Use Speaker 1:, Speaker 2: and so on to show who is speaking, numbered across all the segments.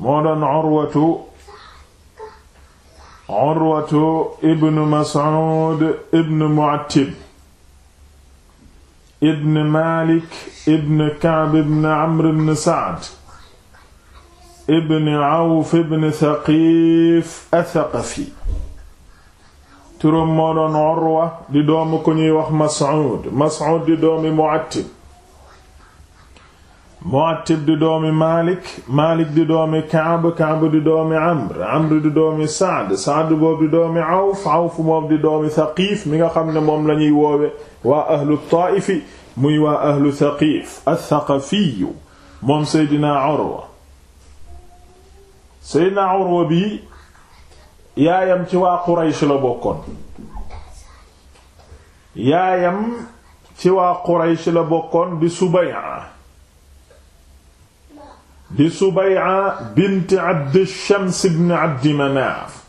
Speaker 1: moo doon Urwatu Urwatu ibn Mas'ud ibn Mu'attib ibn Malik ibn Ka'b ibn Amr ibn Sa'd ibn Awf ibn Thaqif ath-Thaqafi turam moo doon Urwa di doomu ku ñuy wax Mas'ud Mas'ud di doomi Mu'attib Mu'attib di doomi Malik Malik di doomi Kaab Kaab di doomi Amr Amr di doomi Saad Saad boobu di doomi Awf Awf moom di doomi Thaqif mi nga xam ne moom la ñuy woowe waa ahlu Taa'ifi muy waa ahlu Thaqif ath-Thaqafi moom Seydina Urwa Seydina Urwa bi yaayam ci waa Quraysh la bokkoon yaayam ci waa Quraysh la bokkoon di Subay'a di Subay'a bint Abd Shams ibn Abd Manaf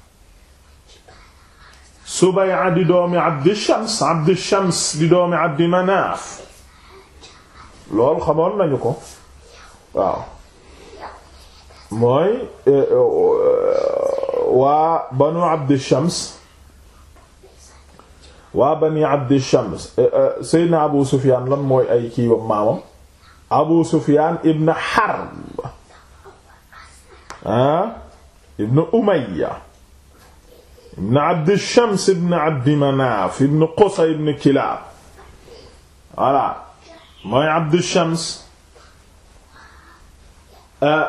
Speaker 1: Subay'a di doomi Abd Shams Abd Shams di doomi Abd Manaf loolu xamoon nañu ko waaw mooy eh, eh, eh, waa banu Abd Shams waa bani Abd Shams Seydina Abu Sufyaan lan mooy ay kii maamam Abu Sufyaan ibn Harb ah ibn Umayya ibn Abd Shams ibn Abd Manaf ibn Qusay ibn Kilab voilà mooy Abd Shams eh,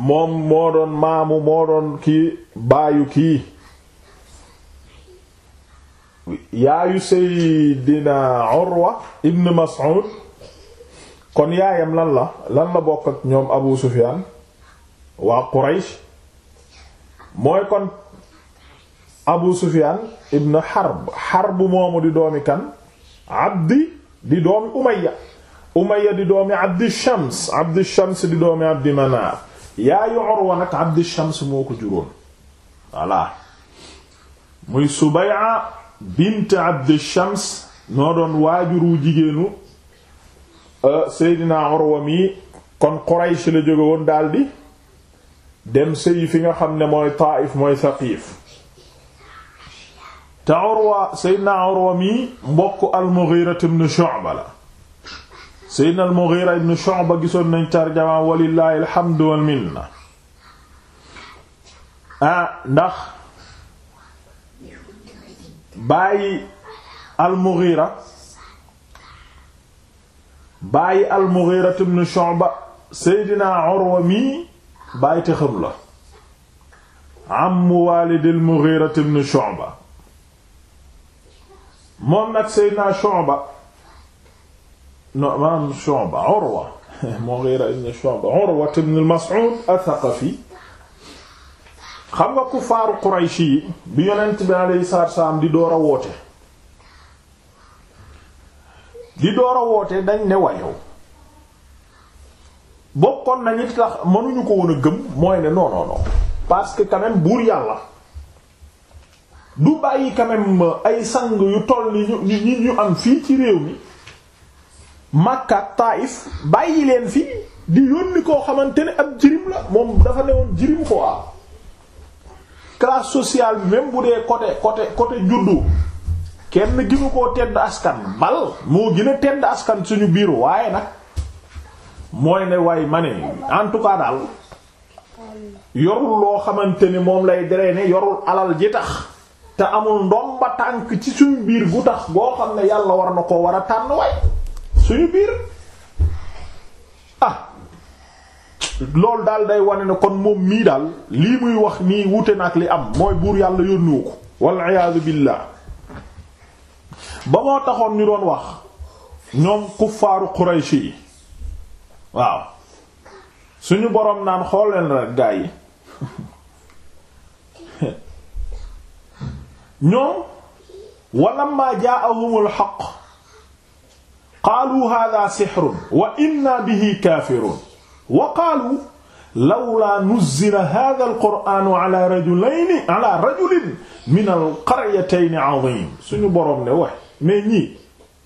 Speaker 1: moom moo doon maamu moo doon kii baayu kii yaayu Seydina Urwa ibn Mas'ud kon yaayam lan la lan la bokk ak ñoom Abu Sufyan waa Quraysh mooy kon Abu Sufyan ibn Harb Harb moomu di doomi kan Abdi di doomi Umayya Umayya di doomi Abdi Shams Abdi Shams di doomi Abdi Manaaf yaayu Urwa nag Abdi Shams moo ko juróon voilà muy Subay'a bint Abdi Shams noo doon waajuru jigéenu euh, Seydina Urwa mi kon Quraysh la jóge woon daldi dem sëyi fi nga xam ne mooy Taif mooy Saqif te Urwa Seydina Urwa mi mbokk al-Mughira ibn la Seydina al-Mughira gisoon nañ tarjama walillahi alhamdu wal minna ah ndax bàyyi al-Mughira bàyyi al mi bàyyi te xam la ammu waalid al-Mughira ibn Shu'ba moom nag Seydina Shu'ba no maam Shu'ba Urwa Mughira ibn Shu'ba Urwa ibn al-Mas'ud ath-Thaqafi xam nga kuffaaru Quraysh yi bi yonent bi alayhi salaatu wassalaam di door a woote di door woote dañ ne wayow bokkoon nañu tax mënuñu ko woon a gëm mooy ne non parce que quand buur yàlla du bàyyi quand ay sang yu toll ni ñu am fii ci réew mi Makka Taïf bàyyi leen fii di yónni koo xamante ne ab jirim la moom dafa newoon jirim quoi classe sociale bi bu dee côté côté côté juddu kenn gënu koo tedd askan bal moo gën a tedd askan suñu biir waaye nag. mooy ne way ma ne en daal yorul loo xamante ni moom lay drainer yorul alal ji tax te amul ndomba tànk ci suñu biir gu tax goo xam ne yàlla war na koo war a tànn way suñu biir ah loolu daal day wane ne kon moom mii daal lii muy wax nii wute nag li am mooy buur yàlla yónnuwu ko wal iyaadu billah ba moo taxoon ñu doon wax ñoom kuffaaru Quraysh yi waaw suñu boroom naan xool leen rek gaa yi ñoom walamma jaa'ahumul haqq qaalu hadha sihrun wa inna bihi kaafiruun wa qaalu lawlaa nuzzila hadha alqur'aanu ala rajulayni ala rajulin min alqaryatayni 'aziim suñu boroom ne wax mais ñii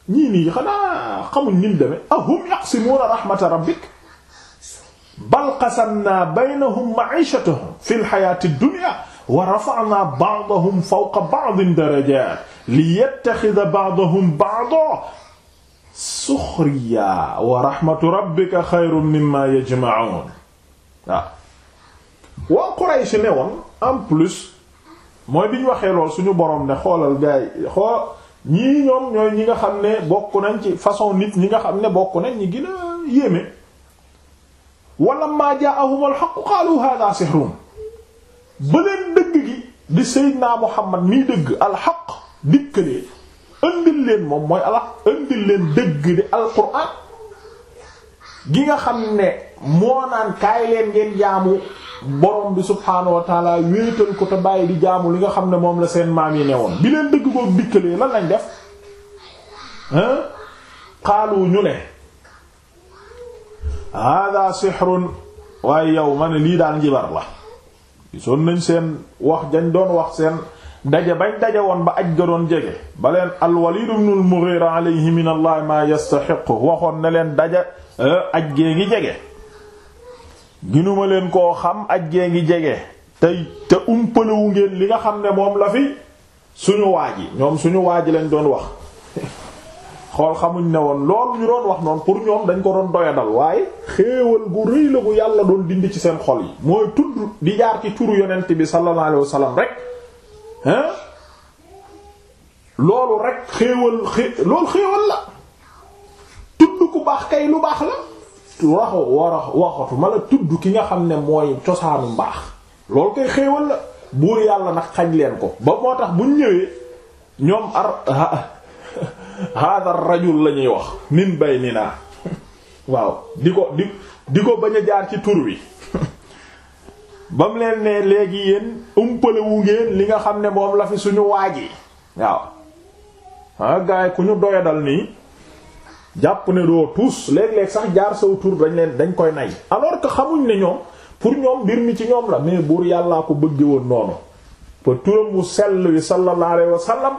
Speaker 1: ñii nii xanaa xamuñ ni mu demee ahum yaqsimuuna rahmata rabbik bal qasamnaa baynahum ma'ishatahum fil hayaati dunya wa rafa'naa ba'dahum fawqa ba'din darajaat liyattakhidha ba'dahum ba'dan sukhriyaa wa rahmatu rabbika khayrun mimmaa yajma'uun waaw waa Quraysh ne woon en plus mooy bi ñu waxee lool suñu borom ne xoolal gaay xool. ñii ñoom ñooy ñi nga xam ne bokk nañ ci façon nit ñi nga xam ne bokk nañ ñi gën a yéeme wala maa jaa'ahum al-haqqu qaalu haadha sihrun ba leen dëgg gi di Seydina Muhammad mii dëgg al-haqq dikkalee indil leen moom mooy al indil leen dëgg di al-Qur'aan gi nga xam ne moo naan kaay leen ngeen jaamu borom bi subhaanahu wa taala wéetal ko te bàyyi di jaamu li nga xam ne moom la seen maam yi ne woon bi leen dëgg boobu dikkalee lan lañ def hein xaalu ñu ne hada sihrun waaye yow ma ne lii daal njibar la gisoon nañ seen wax dañ doon wax seen daje bañ daje woon ba aj ga doon jege ba leen al-Walid ibn al-Mughira alayhi min allah ma yastahiqu waxoon ne leen daja eh, aj gee ngi jege ginuma leen koo xam ak gee ngi jege tey te umpalewu ngeen li nga xam ne moom la fi suñu waaj yi ñoom suñu waaj lañ doon wax xool xamuñ ne woon loolu ñu doon wax noonu pour ñoom dañ ko doon doyadal waaye xéewal gu rëy la gu yàlla doon dindi ci seen xol yi mooy tudd di jaar ci turu yonent bi sallallahu alayhi rek loolu rek xéewal xé loolu xéewal la tudd ku baax kay lu baax la wax war waxatu ma la tudd ki nga xam ne mooy cosaanu mbaax loolu koy xéewal la buur yàlla nag xañ leen ko ba moo tax buñ ñëwee ñoom ar hada rajul la ñuy wax min bay ni waaw di ko di di ko bañ a jaar ci tur wi ba mu leen ne léegi yéen umpalewu ngeen li nga xam ne moom la fi suñu waaj yi waaw ah gars yi ku ñu doyadal nii jàpp ne doo tuus léeg-léeg sax jaar saw tur dañ leen dañ koy nay alors que xamuñ ne ñoom pour ñoom mbir mi ci ñoom la mais buur yàllaa ko bëggee woon noonu pour turam wu sell wi sallallahu alayhi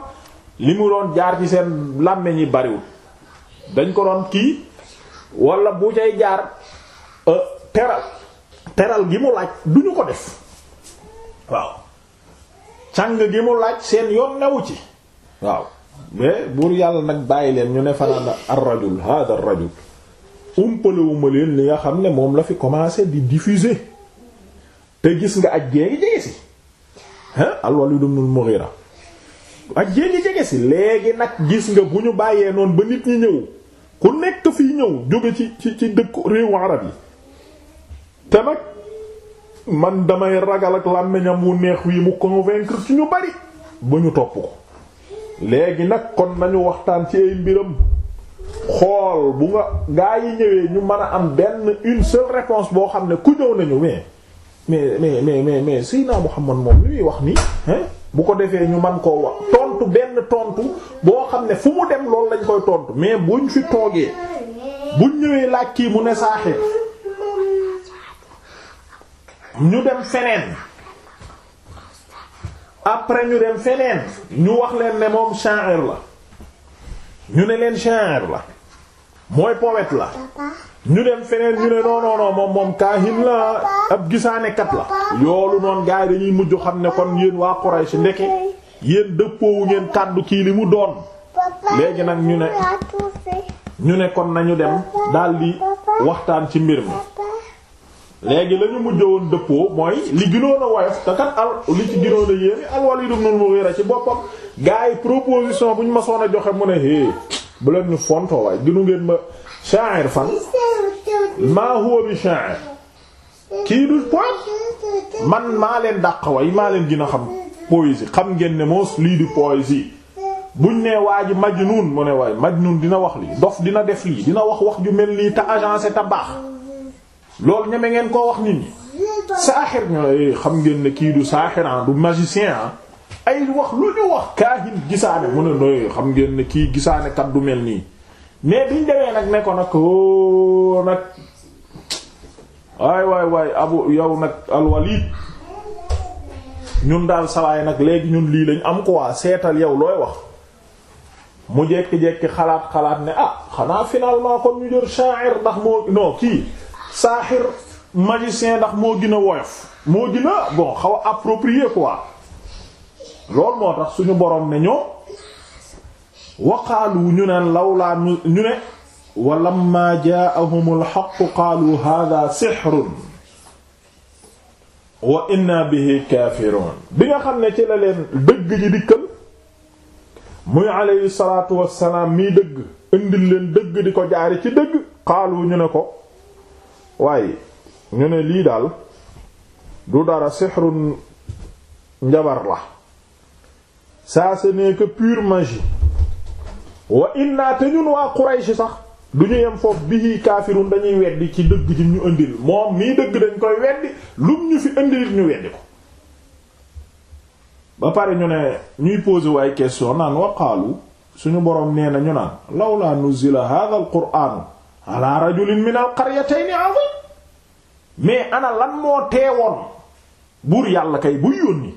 Speaker 1: li mu doon jaar ci seen làmmeñ yi bariwul dañ ko doon kii wala bu cay jaar euh, teral teral gi mu laaj duñu ko def waaw càng gi mu laaj seen yoon newu ci waaw mais buur yàlla nag bàyyi leen ñu ne fanaan ar rajul hada rajul umpalewuma leen li nga xam ne moom la fi commencé di diffuser te gis nga aj jee ngi jege si al Walid ibn al-Mughira aj jee ngi jege si léegi nag gis nga bu ñu bàyyee noonu ba nit ñi ñëw ku nekk fi ñëw jóge ci ci ci dëkku réewu arab yi te nag man damay ragal ak làmmiñam wu neex wii mu convaincre ci ñu bari ba ñu topp ko léegi nag kon nañu waxtaan ci ay mbiram xool bu nga gaa yi ñëwee ñu mën a am benn une seule réponse boo xam ne ku ñëw nañu mais mais mais mais mais mais Seydina Muhammad moom li muy wax nii bu ko defee ñu man koo wax tontu benn tontu boo xam ne fu mu dem loolu lañ koy tontu mais buñ fi toogee buñ ñëwee laaj kii mu ne saaxee ñu dem feneen. après ñu dem feneen ñu wax leen ne moom sha'ir la ñu ne leen sha'ir la mooy poète la ñu dem feneen ñu ne non non non moom moom kaahin la ab gisaanekat la. yoolu noonu gars yi dañuy mujj xam ne kon yéen waa Quraysh ndeke yéen dëppoowu ngeen kàddu kii li mu doon léegi nag ñu ne ñu ne kon nañu dem daldi waxtaan ci mbir mi. léegi lañu ñu woon dëppoo mooy li gënoon woyof te kat al li ci gënoon a yéeme al-Walid ibn al-Mughira ci boppam gars yi proposition bu ñu ma soon a joxe mu ne hé bu leen ñu fontoo waay gënu ngeen ma sha'ir fan maa huwa bi sha'ir kii du poète man maa leen dàq way maa leen gën a xam poésie xam ngeen ne moos lii di poésie buñ nee waa ji majnuun mu ne waay majnuun dina wax lii dof dina def lii dina wax wax ju mel nii te agencé te baax loolu ñeme ngeen koo wax nit ñi saaxir ñu eh, xam ngeen ne kii du saaxir ah du magicien ah ay wax lu ñu wax kaahin gisaane mu ne nooy eh, xam ngeen ne kii gisaane kat du mel nii mais biñ demee nag ne ko nag o oh, nag waay waay waay abu yow nag alwalid ñun daal sawaay nag léegi ñun lii lañ am quoi seetal yow looy wax mu jekki-jekki xalaat-xalaat ne ah xanaa finalement kon ñu jër sha'ir ndax moo non kii saaxir magicien ndax moo gën a woyof moo gën a bon xaw a approprié quoi moo tax suñu borom ne ñoo waqaalu ñu neen lawlaa ñu ne wa lamma jaahum alxaq qaalu hada sixrun wa inna bihi kaafiruun bi nga xam ne ci la leen dëgg ji dikkal muy alayhi salaatu wassalaam miy dëgg indil leen dëgg di ko jaari ci dëgg qaalu ñu ne ko waaye ñu ne lii daal du dara sixrun njabar la ça ce n'est pure magie wa inna te ñun waa Quraysh sax du ñu yem foofu bihi kaafirun dañuy weddi ci dëgg ji ñu indil moom mii dëgg dañ koy weddi lum ñu fi indil ñu weddi ko ba pare ñu ne ñuy poser waaye question naan waqaalu suñu borom nee na ñu naan lawla nuzila hadha al qur'an ala rajulin min al qaryatayn azim mais ana lan moo teewoon buur yàlla kay buy yónni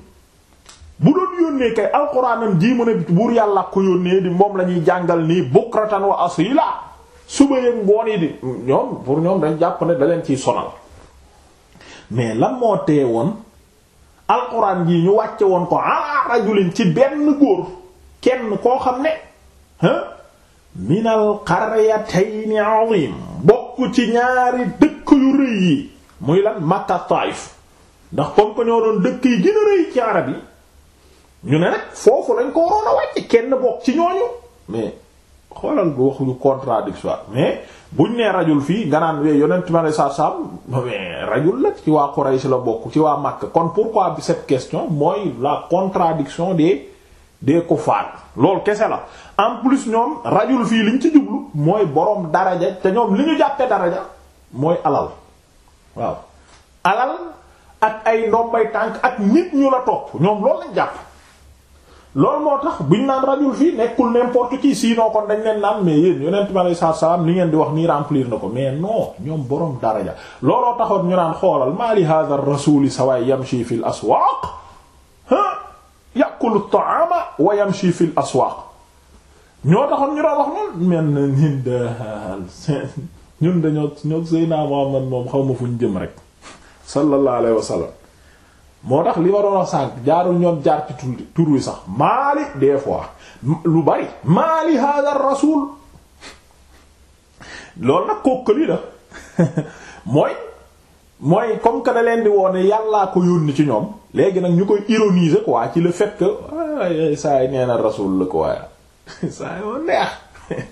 Speaker 1: bu doon yónnee kay alxuraanam jii mu buur yàlla ko yónnee di moom la ñuy jàngal nii bukratan wa asila suba yëg ngoon yi di ñoom pour ñoom dañ jàpp ne da leen ciy sonal mais lan moo teewoon alxuraan jii ñu wàcce woon ko ala rajulin ci benn góor kenn koo xam ne minal qaryatayni azim bokk ci ñaari dëkk yu rëy yi muy lan Makka Taif ndax comme que ñoo doon dëkk yi gën a rëy ci arab yi ñu ne nag foofu lañ ko waroon a wàcc kenn bokk ci ñooñu mais xoolal bu waxuñu contradictoire mais buñ nee rajul fii nga naan wee yonent ma ne saa saam mais rajul la ci waa si la bokk ci waa Makka kon pourquoi cette question mooy la contradiction des des kufaar loolu kese la en plus ñoom rajul fii liñ ci jublu mooy boroom daraja te ñoom li ñu jàppee daraja mooy alal waaw alal ak ay ndombay tànk ak nit ñu la topp ñoom loolu lañ jàpp loolu moo tax buñ naan rajul fii nekkul n'importe qui sinon kon dañ leen naan mais yéen yonent bi alei salaatu salaam li ngeen di wax nii remplir na ko mais non ñoom boroom daraja looloo taxoon ñu naan xoolal maa li hadha ar-rasuli sawaay yamshi fil aswaq ha yàqulu taama wa yamshi fil aswaaq ñoo taxoon ñu doon wax noonu mel ñun daal ñun dañoo ñoo Muhammad moom xaw fu ñu jëm rek sallallahu wa sallam moo tax li ma doon wax jaarul ñoom jaar ci tur sax maali des fois lu bari maali hada rasul loolu nag kooku la mooy. mooy comme que da leen di woon yàllaa ko yónni ci ñoom léegi nag ñu koy ironiser quoi ci le fait que saa yi nee na rasul la quoi saa neex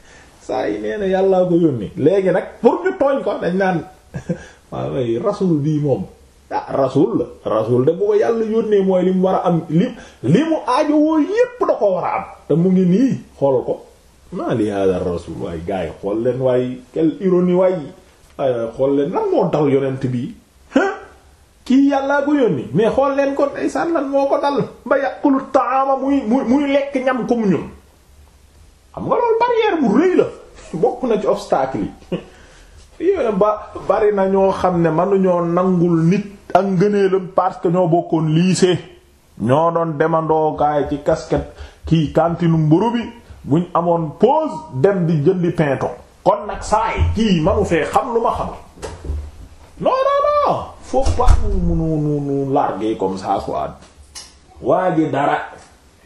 Speaker 1: saa yi nee na yàllaa ko yónni léegi nag pour ñu tooñ ko dañ naan waaw rasul bii moom ah rasul la rasul de bu ko yàlla yónnee mooy li mu war a am li li mu aajo woo yépp da ko war a am te mu ngi nii xool ko maa rasul waaye gars yi xool leen waaye quelle ironie waaye waaye xool leen lan moo dal yonent bii kii yàllaa ko yónni mais xool leen ko ndeysaan lan moo ko dal ba yàqulu taama muy muy muy lekk ñam comme ñun xam nga loolu barrière bu rëy la bokk na ci obstacle yi bari na ñoo xam ne mënuñoo nangul nit ak ngëneelam parce que ñoo bokkoon lycée ñoo doon demandookaay ci casquette kii cantine mburu bi buñ amoon pause dem di jëndi pinto kon nag saay kii manu fee xam lu ma xam non non faut pas nous nous nous larguer comme ça quoi waa ji dara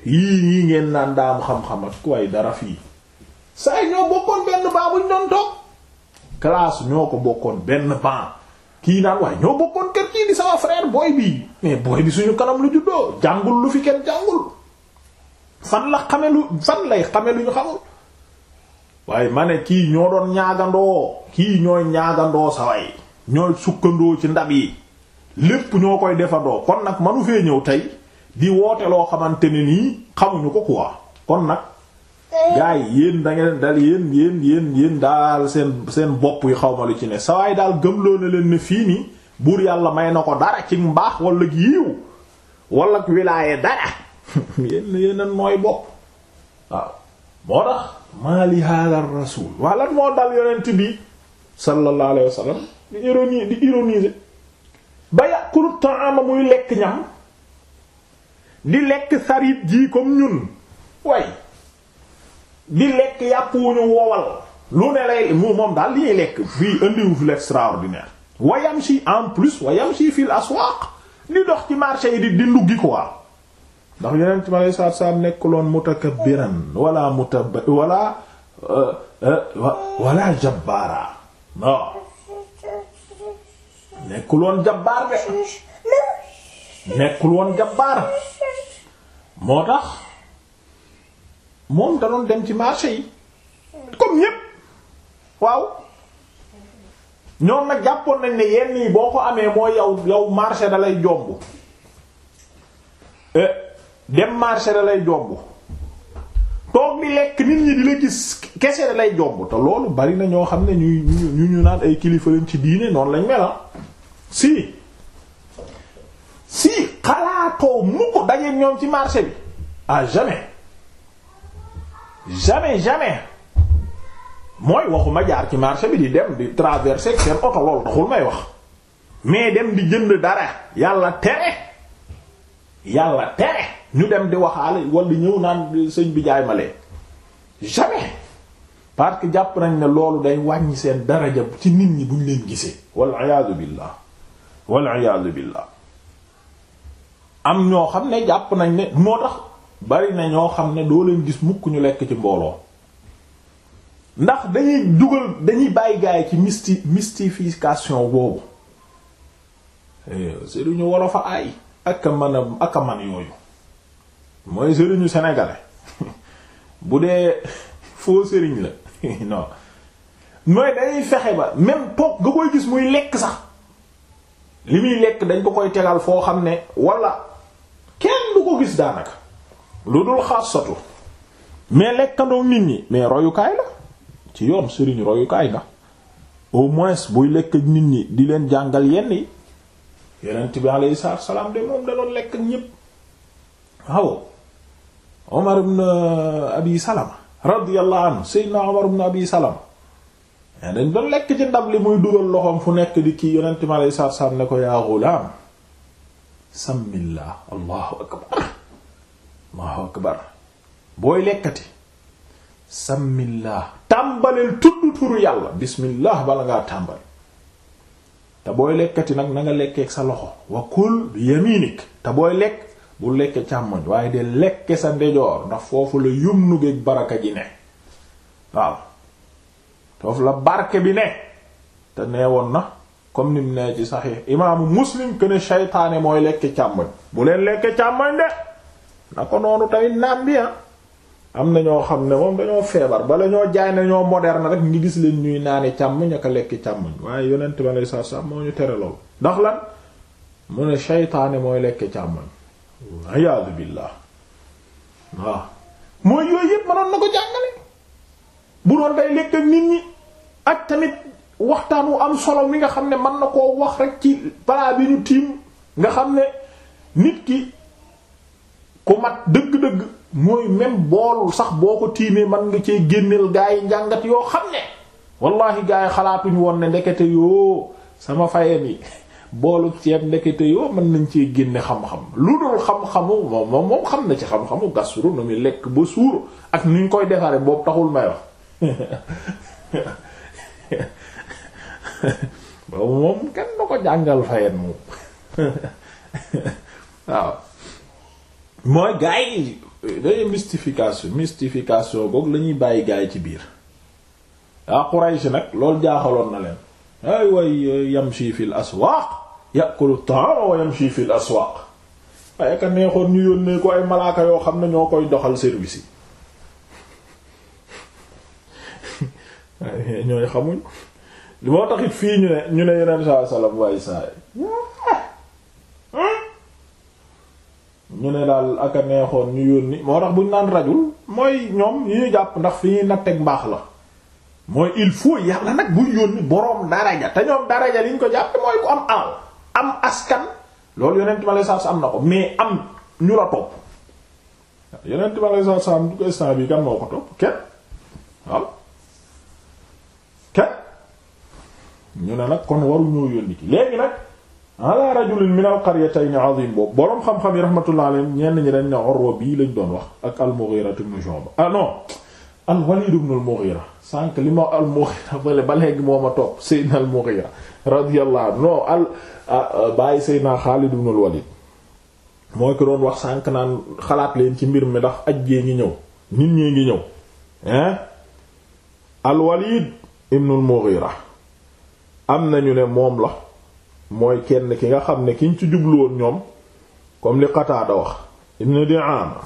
Speaker 1: yii ñii ngeen naan daam xam-xam ak kuwaay dara fii saa yi ñoo bokkoon benn ban buñ doon toog ñoo ko bokkoon benn ban kii naan waaye ñoo bokkoon kër kii di sama frère booy bi mais booy bi suñu kanam lu juddoo jàngul lu fi kenn jàngul fan la xame lu fan lay xame lu ñu xamul waaye ma ne kii ñoo doon ñaagandoo kii ñooy ñaagandoo sa way ñooy sukkandoo ci ndab yi lépp ñoo koy defandoo kon nag manu fee ñëw tey di woote loo xamante ne nii xamuñu ko quoi kon nag gars yi yéen da ngeen dal yéen yéen yéen daal seen seen bopp yi xaw ma lu ci ne sawaay daal gëmloo na leen ne fii nii buur yàlla may na ko dara ci mbaax wala yiiw wala wilaaye dara yéen yéen mooy nooy bopp waaw moo tax maa li hada rasul waa lan moo dal yonent bi sallallahu alayhi di ironie di ironiser ba yàqulu ta'ama muy lekk ñam di lekk sarit ji comme ñun way di lekk yàpp wu ñu wowal lu ne lay moom daal li ñuy lekk fii indiwu fi l'extraordinaire wayam si en plus wayam si fil aswaq di dox ci marché yi di di nduggi quoi ndax yeneen ci ma lay saat saat nekkuloon mutakabbiran wala mutab wala euh, euh, wala jabbaara non nekkul woon jabbaar de nekkul woon jabbaar moo tax moom da doon dem ci marché yi comme ñépp waaw ñoom nag jàppoon nañ ne yenn yi boo ko amee mooy yow yow marché da lay jomb eh, dem marché da lay jomb toog di lekk nit ñi di gis kese da lay jomb te loolu bari na ñoo xam ne ñuy ñu ñu naan ay kilifa lañ ci diine noonu lañ mel ah. si si xalaatoo mukk dajeek ñoom ci marché bi à jamais jamais jamais mooy waxuma jaar ci marché bi di dem di traverser seen oto loolu taxul may wax mais dem di jënd dara yàlla tere yàlla tere ñu dem di waxaale wala ñëw naan sëñ bi jaay ma lee jamais parce que jàpp nañ ne loolu day wàññi seen daraja ci nit ñi buñ leen gisee wal iyaadu billah wal iyaadu billah am ñoo xam ne jàpp nañ ne moo tax bari na ñoo xam ne doo leen gis mukk ñu lekk ci mbooloo ndax dañuy dugal dañuy bàyyi gaay ci misti mystification boobu eh, sëriñu wolof a ay ak a man a man yooyu mooy sëriñu sénégalais bu dee foo sëriñ la non mooy dañuy fexe ba même poog nga koy gis muy lekk sax li muy lekk dañ ko koy tegal foo xam ne wala kenn du ko gis daanaka lu dul xaasatu mais lekkandoo nit ñi mais royukaay la ci yoon sëriñ royukaay nga au moins buy lekk nit ñi di leen jàngal yenn yi yonent bi alayhi salaatu salaam de moom da lekk ak ñépp waaw Omar ibn Abi Salama radiyallahu anhu Seydina Omar ibn Abi dañ doon lekk ci ndab li muy dugal loxoom fu nekk di kii yonent mi aleyhi salaatu salaam ne ko yaa gulaam samillah allahu akbar allahu akbar booy lekkati samillah tàmbaleel tudd turu yàlla bismillah bala ngaa tàmbal te booy lekkati nag na nga lekkeek sa loxo wa kul bi yaminik te booy lekk bu lekke càmmoñ waaye de lekke sa ndejoor ndax foofu la yumnu géeg baraka ji ne waaw toof la barke bi ne te nee woon na comme ni mu nee ci saxiix imaamu muslim que ne mooy lekk càmmoñ bu leen lekk càmmoñ de na ko noonu tamit naan bi ah. am na ñoo xam ne moom dañoo feebar bala ñoo jaay na ñoo moderne rek ngi gis leen ñuy naane càmmoñ ak a lekk càmmoñ waaye yonent ba lay saaf saaf moo ñu tere lool ndax lan mu ne seytaane mooy lekk càmmoñ wayaadu billah waaw mooy yooyu yépp mënoon na ko jàngale bu doon day lekk ak nit ñi ak tamit waxtaan wu am solo mi nga xam ne mën na koo wax rek ci balaa bi ñu tiim nga xam ne nit ki ku mat dëgg-dëgg mooy même boolul sax boo ko tiimee mën nga cee génneel gaa yi njàngat yoo xam ne wallahi gaa yi xalaatuñ woon ne ndekete yoo sama fayam yi boolu ceeb ndekete yoo mën nañ cee génne xam-xam lu dul xam-xamu moom moom xam na ci xam-xamu gastronomie lekk ba suur ak nuñ koy defaree boobu taxul may wax boobu moom kenn du ko jàngal fayet moom waaw mooy gaa yi day mystification boog la bàyyi gaa yi ci biir waa Quraysh nag loolu jaaxaloon na leen ay way yamshi fil aswaaq ya'kulu ta'aama wa yamshi fil aswaaq ay ka neexoon ñu yónnee ko ay malaaka yoo xam ne ñoo koy doxal service yi ñooy xamuñ moo taxit fii ñu ne ñu ne yeneen saa salaam waaye saa hmm? ñu ne daal aka neexoon ñu yónni moo tax buñ naan rajul mooy ñoom yi ñu jàpp ndax fii ñuy natteeg mbaax la mooy il faut yàlla nag buy yónni boroom daraja te ñoom daraja liñ ko jàpp mooy ku am am askan loolu yonent ma lay saar am na ko mais am ñu la topp yonent ma lay saar am du ko instant bi kan moo ko topp kenn waaw ñu ne nag kon waruñoo yónni ki léegi nag ala rajulin min al qaryatayn azim boobu boroom xam-xam yi rahmatullah alayhim ñenn ñi dañ ne Urwa bii lañ doon wax ak al-Mughira ibn Shu'ba ah non al-Walid ibn al-Mughira sànq li ma al-Mughira bale ba moo ma topp Seydina al-Mughira radiyallahu al ah, ah, bàyyi Seydina Khalid ibn al moo ko doon wax sànq naan xalaat leen ci mbir mi ndax aj gee ngi ñëw nit ñee ngi ñëw hein al-Walid ibn am nañu ne moom la mooy kenn ki nga xam ne ñu ci jubluwoon ñoom comme li Qataada wax ibn Di'aama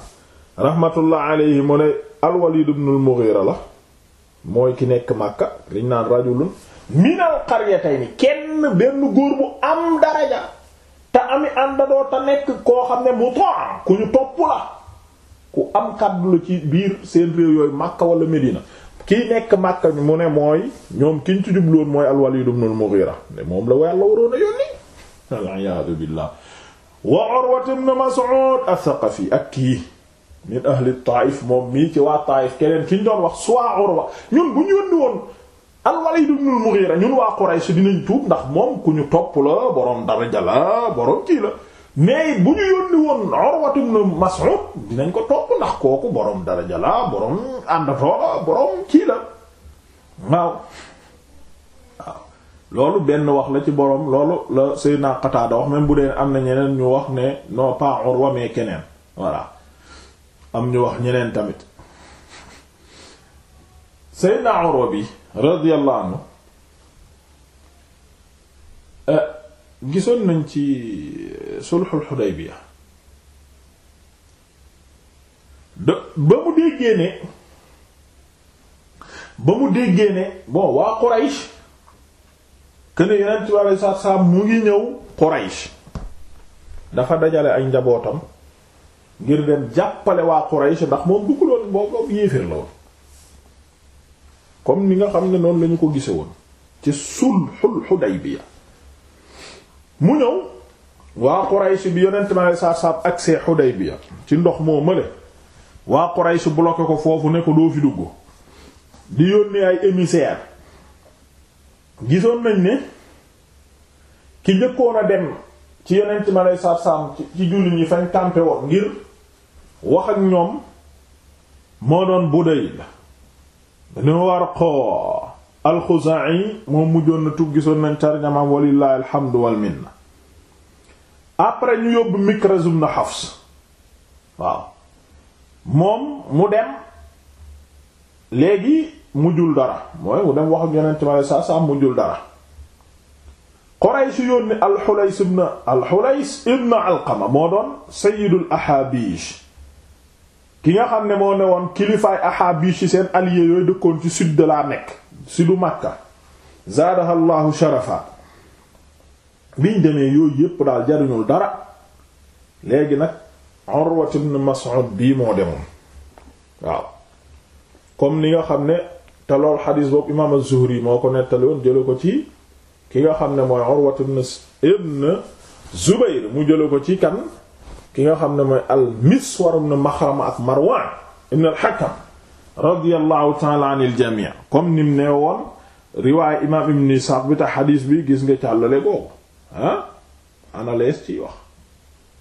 Speaker 1: rahmatullah alayhi mu ne al-Walid mughira la mooy ki nekk màkka liñ naan rajulun minal qaryatayni kenn benn góor bu am daraja te ami àndadoo te nekk koo xam ne mu toam ku ñu topp la ku am kàddu la ci biir seen réew yooyu Makka wala Medina kii nekk Makka mu ne mooy ñoom ki ñu ci jubloon mooy al-Walid ibn al-Mughira ne moom la Yàlla waroon a yónni al-iyaadu kii min ahli Taif moom mii ci waa Taif keneen ki ñu doon wax soit Urwa ñun bu ñu yónni woon al tuub ndax moom ku ñu topp la boroom daraja la boroom kii la mais bu ñu yónni woon Urwatu ibn Mas'ud dinañ ko topp ndax kooku borom daraja la borom àndatoo la borom kii la waaw loolu benn wax la ci boroom loolu la Seydina Qatada wax même bu dee am na ñeneen ñu wax ne non pas voilà am ñu wax ñeneen tamit Seydina Urwa bi radiyallahu anhu eh, gisoon nañ ci sulxul Xudaybiya da ba mu déggee ba mu déggee ne bon waa Quraysh këne yeneen ci wàllu saab saab mu ngi ñëw Quraysh dafa dajale ay njabootam ngir dem jàppale waa Quraysh ndax moom dugguloon boobu yéeféer la woon comme ni nga xam ne noonu lañu ko gise woon ci sulxul Xudaybiya mu ñëw waa Quraysh bi yonent ma lay saab ak see Xudaybiya ci ndox moo mële waa Quraysh bloqué ko foofu ne ko doo fi dugg di yónnee ay émissaire gisoon nañ ne ki njëkkoon a dem ci yonent ma lay saab ci jullit ñi fañ campé woon ngir wax ak ñoom moo doon Budayl bnu Warqa al-Xuzaa'i moom mujjoon na tub gisoon nañ tarjamaam walillahi alhamdu wal après ñu yóbbu Mikraz ibn Hafs waaw moom mu dem léegi mujjul dara mooy mu dem wax ak yonent ma saa saa mujjul dara Quraysh yónni al-Hulays ibn al-Hulays ibn Alqama moo doon sayyidul Ahabish ki nga xam ne moo ne woon kilifaay Ahabish ci seen alliés yooyu dëkkoon ci sud de la Mecque si du Makka zaadaha Allahu sharafa biñ demee yooyu yépp daal jariñul dara léegi nag Urwa ibn Mas'ud bii moo demoon waaw comme ni nga xam ne te lool xadiis boobu imaam az-Zuhri moo ko nettali woon jële ko ci ki nga xam ne mooy Urwa ibn Zubayr mu jële ko ci kan ki nga xam ne mooy al-Miswar ibn Maxrama ak Marwan ibn al-Hakam radiyallahu ta'ala comme nim ne woon riwaay imaam ibn Sa'd bi te xadiis bi gis nga càllale boobu ah analyse ci wax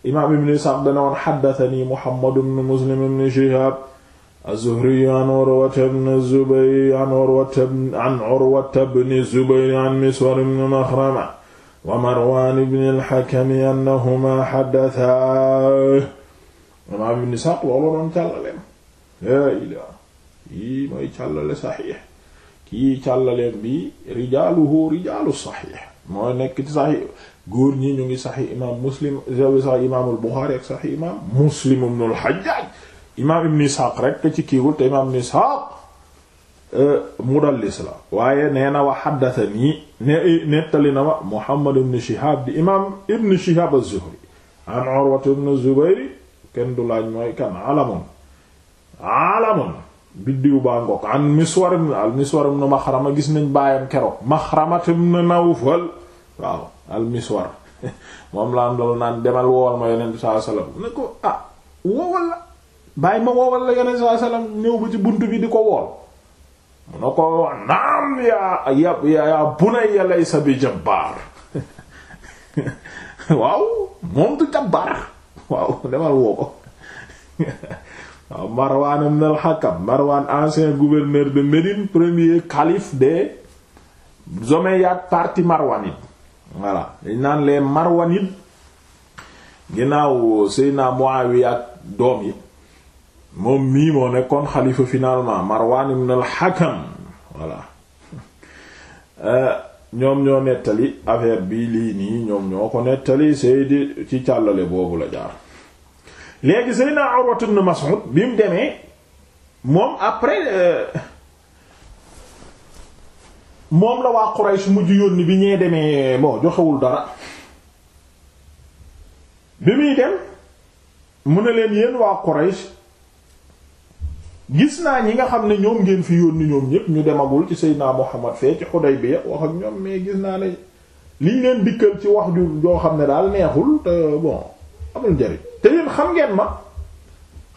Speaker 1: imaam ibn Isxaaq dana woon xaddatani Muhammad ibn Muslim ibn Shihaab az-Zuhri an Urwata ibn Zubayr an Urwata an Urwata ibn Zubayr an Miswar ibn Maxrama wa Marwaan ibn al-Hakam annahumaa xaddataa imaam ibn Isxaaq loolu doon càllaleem laa ilaa yii mooy càllale saxiix kii càllaleem bi rijaaluhu rijaalu saxiix mooy nekk ci saxi góor ñi ñu ngi saxi imaam muslim sax imaamul buxaari sax saxi imaam muslim ibnul xajjaaj imaam ibn isxaaq rek ci kiiwul te imaam ibn isxaaq e, mudallis la waaye nee na wax wa xaddatani ne nettali na ma muhammad ibn shihab di imaam ibn shihab az-zuhri an urwat ibn du laaj mooy kan alamun alamun biddiw baa ngoog an miswar al miswar ibn maxrama gis nañ baayam keroog maxramat ibn nawfal waaw al miswar moom la am loolu naan demal woowal ma yonent saa ko ah woowal la bàyyi ma woowal la ci bunt bi di ko wool mu ne ko naam yaa ya yaa bunayya laysa bi jabbaar waaw moom du jabbaar waaw demal woo ko waaw Marwan ibn al-Hakam Marwan ancien gouverneur de Médine premier calife des Omeyyades parti marwanide voilà dañ naan les marwanides ginnaaw Seydina Muawiya ak doom yi moom mii moo nekkoon xalifa finalement Marwan ibn al-Hakam voilà euh, ñoom ñoo nettali affaire bi lii nii ñoom ñoo ko nettali Seydi ci càllale boobu la jaar léegi Seydina Urwa ibn Mas'ud bi mu demee moom après euh, moom la waa Quraysh mujj yónni bi ñee demee bon joxewul dara bi muy dem mu ne leen yéen waa Quraysh gis naa ñi nga xam ne ñoom ngeen fi yónni ñoom ñépp ñu demagul ci Seydina Muhammad fee ci Xudaybiya wax ak ñoom mais gis naa ne liñ leen dikkal ci wax ju joo xam ne daal neexul te bon amul njariñ te yéen xam ngeen ma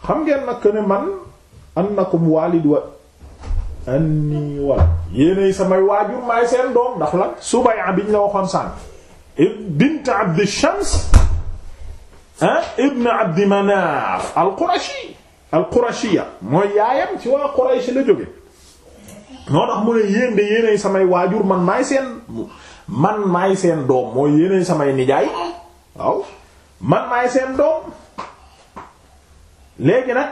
Speaker 1: xam ngeen nag ne man annakum walid wa anni walad yéenay samay waajur maay seen doom ndax lan Subay'a biñ la waxoon sànq bint Abd Shams ah ibn Abd Manaf al-Qurashi al-Qurashiya mooy yaayam ci waa Quraysh la jóge noo tax mu ne yéen de yéenay samay waajur man maay seen man maay seen doom mooy yéenay samay nijaay waaw man maay seen doom léegi nag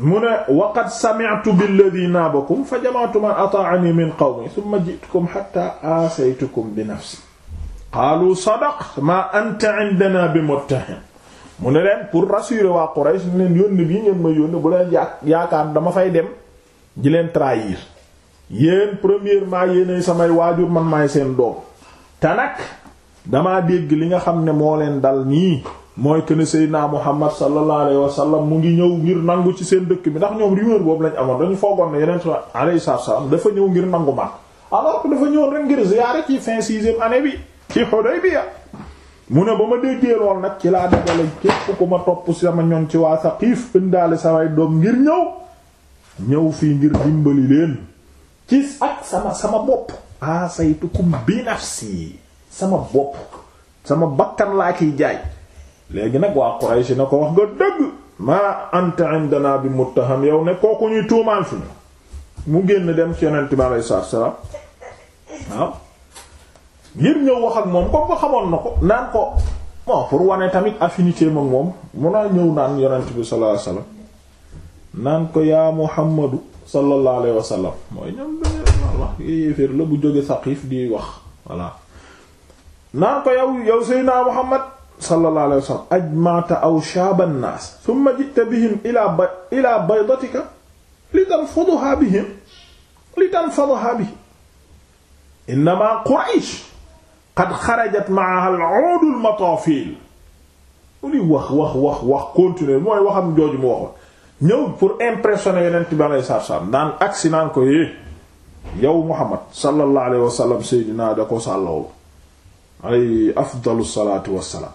Speaker 1: mu ne waqad sami'tu billadhi nabakum fa jama'tu man ata'ani min qawmi thumma ji'tukum hatta asaytukum bi nafsi qaalu sadaqta ma anta 'indana bi muttahin mu ne leen pour rassurer waa Quraysh ne leen yónni bii ngeen ma yónni bu leen yaakaar dama fay dem di leen trahir yéen premièrement yéenay samay waajur man maay seen doom te nag damaa dégg li nga xam ne moo leen dal nii mooy que ne Seydina Muhammad sallallahu alayhi wa sallam mu ngi ñëw ngir nangu ci seen dëkk bi ndax ñoom rumeur boobu lañ amoon dañu foogoon ne yeneen alayhi salaam dafa ñëw ngir nangu ma alors que dafa ñëwoon rek ngir ziyaare ci fin sixième année bi ci Hudaybiya mu ne ba ma déggee lool nag ci laa dagale képp ku ma topp sama ñoon ci waa sa Saqiif indaale samay doom ngir ñëw ñëw fii ngir dimbali leen ci ak sama sama bopp asaytukum bi nafsi sama bopp sama bakkan laa ciy jaay léegi nag waa Quraysh na ko wax nga dëgg maa anta indana bi muttaham yow ne kooku ñuy tuumaan fi mu génn dem ci yonent bi alayhi salaam waaw ngir ñëw wax ak moom comme ko xamoon na ko naan ko bon pour wane tamit affinité mag moom mun a ñëw naan yonent bi sallallahu alayhi naan ko yaa Muhammadu sallallahu alayhi wasallam mooy ñoom dañuy wax yéeféer la bu jóge Saqiif di wax voilà naan ko yow yow seydna muhammad sallallahu alayhi wa sallam ajma'ta awshaba an-nas thumma ji'ta bihim ila ila baydatika litanfadhaha bihim litanfadhaha bihim innama quraish qad xarajat ma'aha al-'ud al-matafil li wax wax wax wax continuer mooy waxam jooju mu waxoon ñëw pour impressionner yonent bi alayhi salaam naan agsi naan ko é eh, yow muhammad sallallahu alayhi wa sallam seydina da ko sàllawul ay afdalu salaatu wassalaam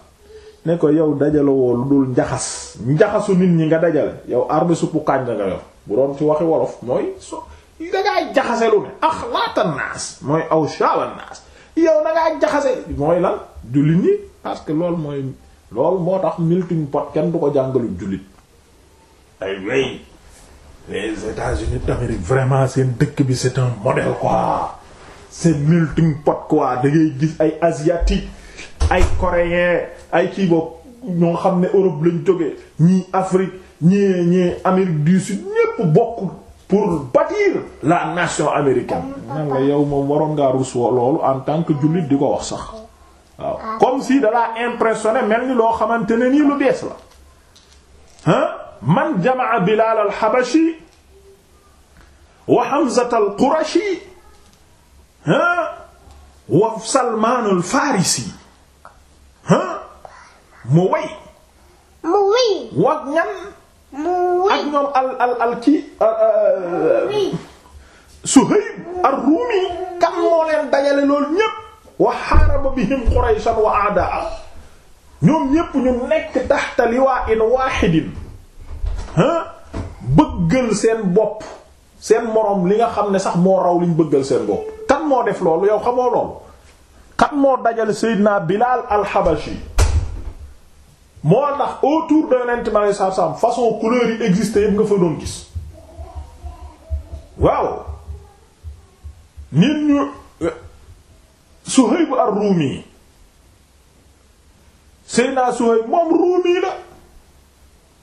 Speaker 1: ne ko yow dajale woo lu dul njaxas njaxasu nit ñi nga dajale yow arme suppu kànja nga yor bu doon ci waxi wolof mooy so dangaa jaxase lu ne axlaata naas mooy aw shaala naas na dangaa jaxase mooy lan jullit ñi parce que loolu mooy lool moo tax melting pot kenn du ko jàngalu jullit ay wey les États-Unis d'Amérique vraiment seen dëkk bi c'est un modèle quoi c'est melting pot quoi da ngay gis ay asiatique ay coréen ay kii ñoo xam ne Europe lañ jógee ñii Afrique ñii ñii Amérique du Sud ñépp bokk pour bâtir la nation américaine. nan la yow moom waroon ngaa loolu en tant que jullit di ko wax sax waaw comme si dalaa impressionné mel ni loo xamante ne nii lu bees la ah man jamaa Bilaal al-Habashi wa Hamza al-Qurashi wa Salmaanul Farisi mu way mu way wag ñan mu way ak ñoom al al al kii euh, euh, Suhayb ar-Rumi kan moo leen dajale loolu ñépp wa xaaraba bihim Qurayshan wa aadaa ñoom ñépp ñu nekk taxta liwaa'in waahidin bëggal seen bopp seen moroom li nga xam ne sax moo raw liñ bëggal seen bopp moo def loolu yow xamoo loolu kan moo dajale Seydina Bilal al moo tax autour de yonent ma lay saabsaab façon couleur yi existé yëpp nga fa doon gis waaw nit ñu Suhayb ar-Rumi Seydina Suhayb moom Rumi la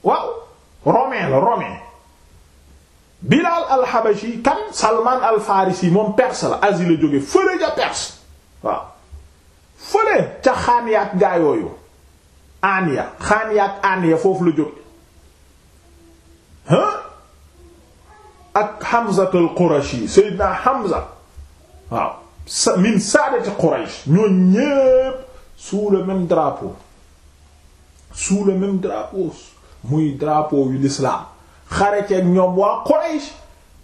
Speaker 1: waaw romain la romain. Bilal al-Habashi kan Salman al-Farisi moom perse la Asie la jóge fële ja perse waaw fële xaaniyaat gaa yooyu Ania xaaniyaat Ania foofu la jóge ah ak Hamza al-Qurashi Seydina Hamza min saadati Quraysh ñoo ñépp sous le même drapeau sous muy drapeau yu l'islam xare ceeg ñoom waa Quraysh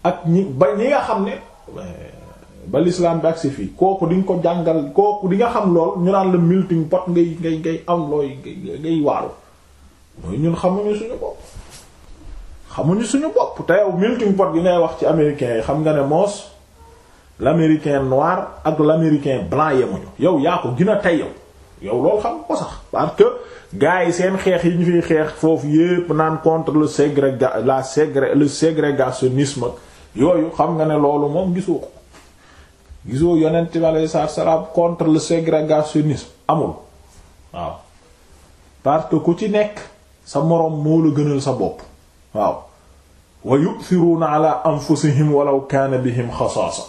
Speaker 1: ak ñi ba ñi nga xam ne ba l'islam bi ak si fii kooku di nga ko jàngal kooku di nga xam lool ñu naan la melting pot ngay ngay ngay am looy ngay waaru mooy ñun xamuñu suñu bopp xamuñu suñu bopp te yow melting pot gi ngay wax ci américain yi xam nga ne moos l'américain noir ak l'américain blanc yemuñu yow yaa ko gën a tey yow yow loolu xam ko sax parce que gars yi seen xeex yi ñu fiy xeex foofu yépp naan contre le ségréga la ségré le ségrégationnisme yooyu xam nga ne loolu moom gisoo ko gisoo yonent bi alayhi salaatu contre le ségrégationnisme amul waaw parce que ku ci nekk sa moroom moo la gënal sa bopp waaw wa yu'thiruna ala anfusihim walaw kana bihim xasaasa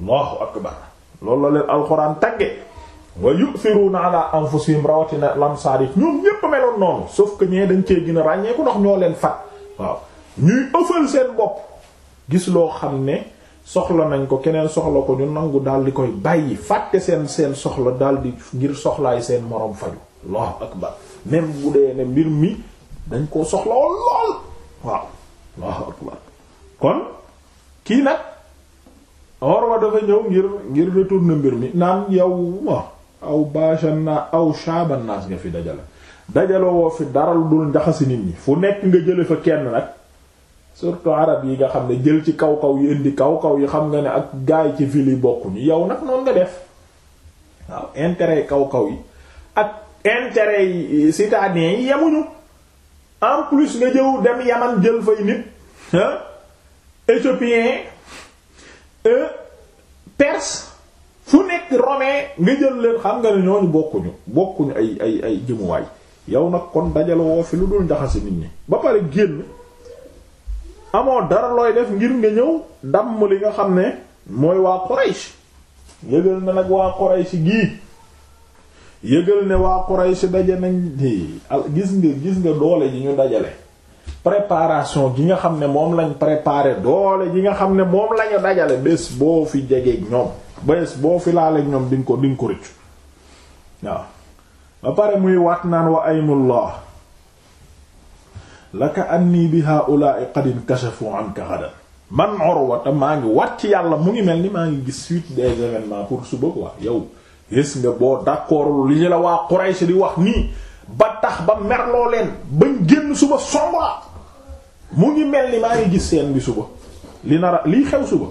Speaker 1: allahu akbar loolu la leen alxuraan tagge wa yu'thiruna ala anfusihim rawatina lamsaar yi ñoom ñépp meloon noonu sauf que dañ cee gën a ràññeeku ndox ñoo leen fat waaw ñuy ëffal seen bopp gis loo xam ne soxla nañ ko keneen soxla ko ñu nangu daal di koy bàyyi fàtte seen seen soxla daal di ngir soxlaay seen moroom faju allahu akbar même bu dee ne mbir mi dañ koo soxla woon lool waaw allahu akbar kon kii nag or wa dafa ñëw ngir ngir retourner mbir mi naan yow aw bâchan na aw shaban nas nga fi dajale dajale woo fi dara dul njaxasi nit ñi fu nekk nga jële fa kenn nag surtout arab yi nga xam ne jël ci kaw kaw yi indi kaw kaw yi xam nga ne ak gaay ci ville yi bokkuñu yow nag noonu nga def waaw intérêt kaw kaw yi ak intérêt yi citadins yi yemuñu en plus nga jëw dem yaman jël fay nit éthiopien euh, perse fu nekk romee nga jël leen xam nga ne ñooñu bokkuñu bokkuñu ay ay ay jëmuwaay yow nag kon dajale woo fi lu dul njaxasi nit ñi ba pare génn amoo dara looy def ngir nga ñëw damm li nga xam ne mooy waa Quraysh yëgal na nag waa Quraysh gii yëgal ne waa Quraysh daje nañ gis nga gis nga doole ji ñu dajale préparation gi nga xam ne moom lañ préparé doole ji nga xam ne moom lañu dajale bés boo fi jegeek ñoom bés boo filaalee ñoom di ko di ko rëccu waaw ba pare muy wat naan wa aynullah laka anni bi haula'i qad inkashafu anka ghadan man Urwata maa ngi wat ci yàlla mu ngi mel ni maa ngi gis suite des événements pour suba quoi yow gis nga boo d'accord li ñu la waa Quraysh di wax nii ba tax ba merloo leen bañ génn suba somb mu ngi mel ni maa ngi gis seen bi suba li nara liy xew suba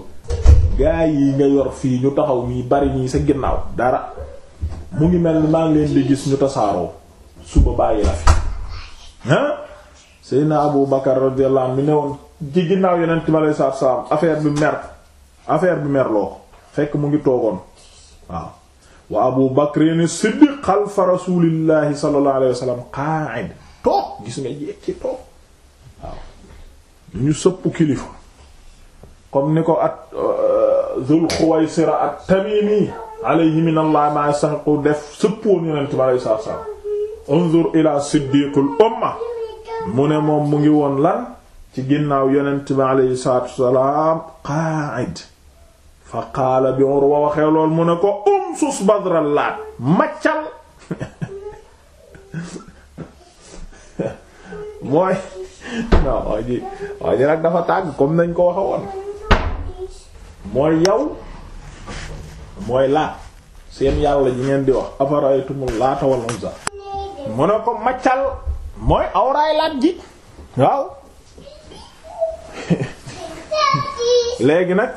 Speaker 1: gaa yi nga yor fii ñu taxaw ñuy bari ñii sa ginnaaw dara mu ngi mel ni maa ngi leen di gis ñu tasaaroo suba bàyyi la fi ah Seydina Abu Bakar radiyallahu anhu ne woon ci ginnaaw yeneen ma lay saab saab affaire bi mer affaire bi mer fekk mu ngi toogoon waaw wa Abu Bakrin Siddiq xalfa rasulillahi sallallahu alayhi wa sallam qa'id toog gis nga jekki toog waaw ñu sëpp kilifa comme ni ko at euh, Zul Xuwaysira at-Tamimi alayhi min allah ma yastahiqu def sëppoon yonent bi alayhi salaatu salaam unzur ila siddiqul umma mu ne moom mu ngi woon lan ci ginnaaw yonent bi alayhi salaatu salaam qaa'id fa qaala bi Urwa waxee lool mu ne ko umsus badral laat maccal mooy non waa ji waa ji nag dafa tàgg comme nañ ko waxe woon mooy yow mooy laat seen yàlla ji ngeen di wax afaraytumul laata wal uzza mu ne ko maccal mooy awraay laat ji waaw léegi nag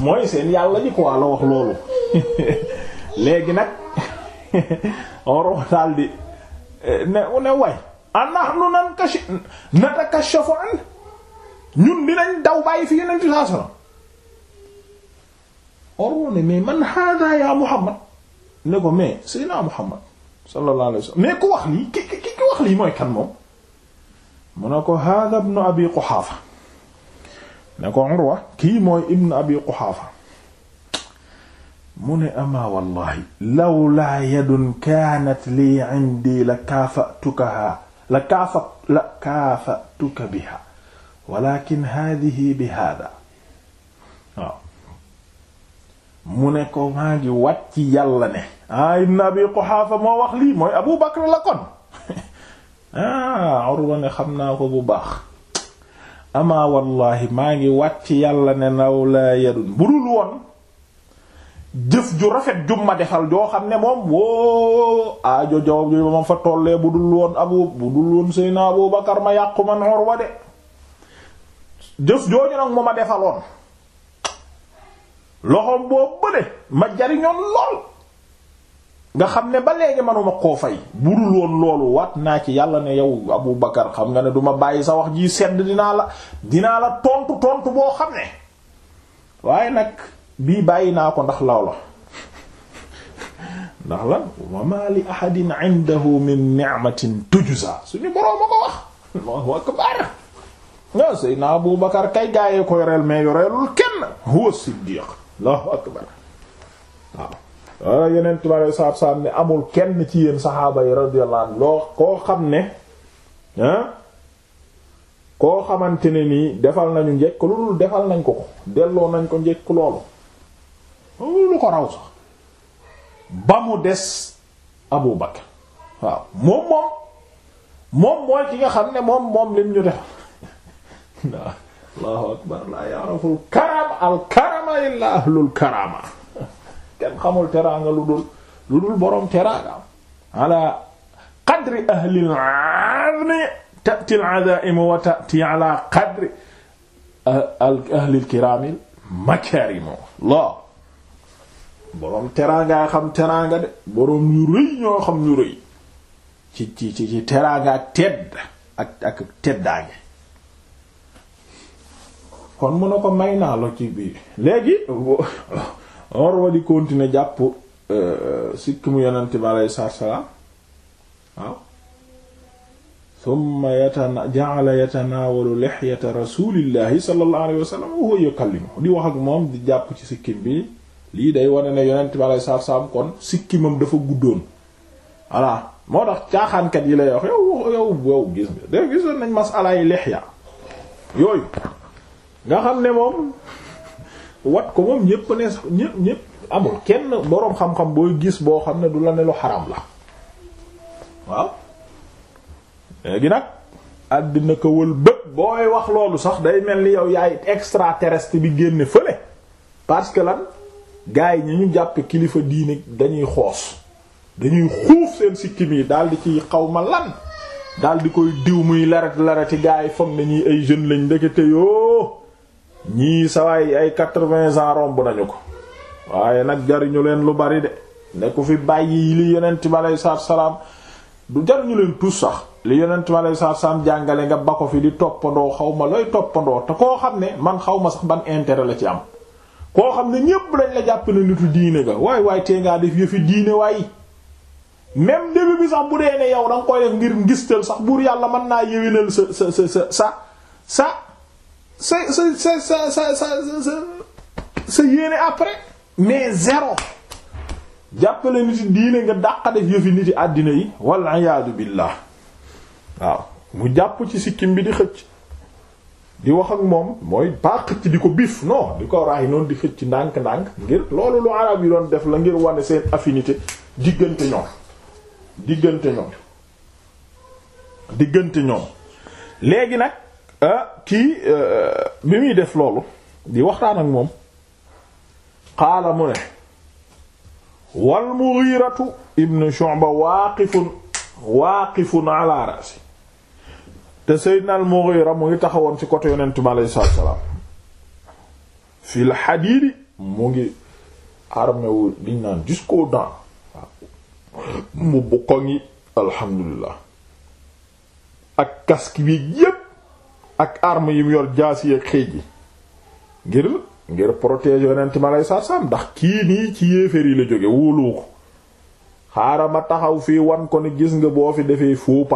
Speaker 1: mooy seen yàlla ji quoi la wax loolu léegi nag oro daal di ne ne way anahnu nan kashi natakashafu an ñun dinañ daw bàyyi fi yonent sallallahu alayhi Urwa ne mais man hada ya Muhammad ne ko mais Seydina Muhammad sallallahu alayhi wasallam mais ku wax lii ki ki ki wax lii mooy kan moom mu ne ko hada ibn Abi Quhafa ne ko Urwa kii mooy ibn Abi Quhafa mu ne ama wallahi lawlaa yadun kaanat lii indi la kaafatukaha la kaafa la kaafatuka biha walakin hadihi bi hada waaw mu ne ko maa ngi wat ci yàlla ne ah ibn abi moo wax lii mooy abu bakr la kon ah urwa ne xam naa ko bu baax ama wallahi maa ngi wat ci yàlla ne naw la yadun bu dul woon jëf ju rafet ju ma defal joo xam ne moom woo aajo jawab ju ma fa tollee bu dul woon abu bu dul woon seyna abu bakar ma yàqu man de jëf jooju nag mu ma defaloon loxoom boo bële ma jariñoon lool nga xam ne ba léegi manuma koo fay budul woon loolu waat naa ci yàlla ne yow Abu Bakar xam nga ne duma bàyyi sa wax ji sedd dinaa la dinaa la tontu tontu boo xam ne waaye nag bii bàyyi naa ko ndax law la ndax la wa ma li ahadin indahu min ni'matin tujza suñu boroom ma ko wax Allahu akbar non Seydina Abu Bakar kay gaayee ko yoreel mais yoreelul kenn huwa siddiq Allahu akbar waaw waaw yeneen tubaab saab saab ne amul kenn ci yéen saxaaba yi radiyallahu anhu loo koo xam ne ah, koo xamante ne nii defal nañu njëkk loolu defal nañ ko ko delloo nañ ko njëkk loolu lu ko raw sax ba mu des Abu Bakar waaw moom moom moom mooy ki nga xam ne moom moom lim ñu def allahu akbar laa yaraful karama al karama illa ahlul karama kenn xamul teraanga lu dul lu dul boroom teraanga ala qadri ahlil azmi tati al azaim wa tati ala qadri ahlil kiramil makarimo la boroom teraangaa xam teraanga de boroom ñu rëy ñoo xam ñu rëy ci ci ci teraanga tedd ak ak teddaange kon mun na ko may naa lo ci bi léegi Urwa di continuer jàpp sikki mu yonent bi aleyhi salaatu salaam waaw summa yatana ja'ala yatanaawalu lihyata rasulillahi sallallahu alayhi wa sallam wa huwa yukallimu di wax ak moom di jàpp ci sikkim bi lii day wane ne yonent bi aleyhi salaatu salaam kon sikkimam dafa guddoon voilà moo tax caaxaankat yi lay wax yow yow yow gis nga dé gisoon nañ masala yi lihya yooyu nga xam ne moom wat ko moom ñépp ne ñépp ñépp amul kenn boroom xam-xam booy gis boo xam ne du la ne lu xaram la waaw léegi nag àddina ko wël bët booy wax loolu sax day mel ni yow yaay extraterrestre bi génne fële parce que lan gars yi ñi ñu jàpp kilifa diine dañuy xoos dañuy xuuf seen sikkim yi daal di ci xaw ma lan daal di koy diw muy larat larati gars yi foog nañuy ay jeunes lañ ndekete yoo ñii sawaay ay quatre-vingts ans romb nañu ko waaye nag jariñu leen lu bari de ne ku fi bàyyi li yonent bi aleyhi salaatu salaam du jariñu leen tus sax li yonent bi aleyhi salaatu salaam jàngale nga ba ko fi toppandoo xaw ma looy toppandoo te koo xam ne man xaw ma sax ban intérêt la ci am koo xam ne ñépp lañ la jàpp ne nitu diine nga waay waay tee ngaa waay même début bi sax bu dee ne yow da nga koy def ngir sax buur yàlla mën naa yéwénal sa sa sa sa sa sa sa sa sa sa sa sa yéene après mais zéro jàppale nit diine nga dàq def yëfi nit àddina yi walla iyaadu billaah waaw mu jàpp ci sikkim bi di xëcc di wax ak moom mooy baa xëcc di ko biif noo di ko raay noonu di xëcc ndànk-ndànk ngir loolu lu arab yi doon def la ngir wane seen affinité diggante ñoom diggante ñoom diggante ñoom léegi nag Ah, kii euh, bi muy def loolu di waxtaan ak moom qaala mu ne wal Mughiratu ibn Shu'ba waaqifun waaqifun ala ra'si te Seydina al Mughira mu ngi taxawoon ci côté yonent bi alayhi salaatu wa salaam fil mu ngi armé wu liñ naan jusqu'aux mu bu ngi alhamdulillah ak casque bi yépp ak arme yi mu yor jaasi ak xëej yi ngir ngir protéger yonent ma lay sarsam ndax kii nii ci yéeféer yi la jóge wóolu ko xaaral ma taxaw fii wan ko ni gis nga boo fi defee faux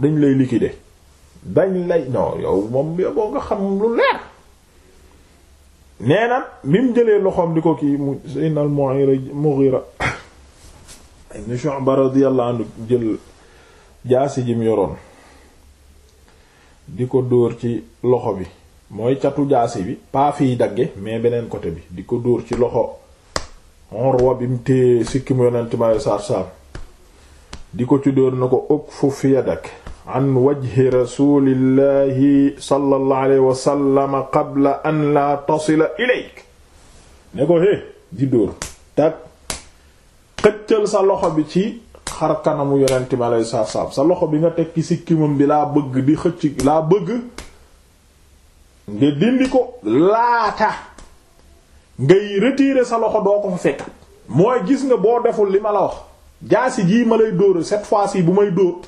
Speaker 1: dañ lay liquider dañ lay non yow moom boo nga xam lu leer nee bi mu jëlee loxoom di ko kii mu Seydina al-Mughira Mughira ibn Shu'ba radiyallahu anhu jël jaasi ji mu yoroon di ko dóor ci loxo bi mooy catu jaasi bi pas fiy dagge mais beneen côté bi di ko dóor ci loxo Urwa bi mu téye sikkimu yonent ma saar-saar di ko ci dóor na ko ukfuf yadak an wajhi rasulillahi sallallahu alayhi wa sallam qabla an la tasila ilayk ne ko hé di dóor tak xëccal sa loxo bi ci xar kanamu yonent bi alayhi salaatu salaam sa loxo bi nga teg ci sikkimam bi laa bëgg di xëcc laa bëgg nga dindi ko laata ngay retirer sa loxo doo ko fa fekk mooy gis nga boo deful li ma la wax jaasi jii ma lay dóor cette fois-ci bu may dóor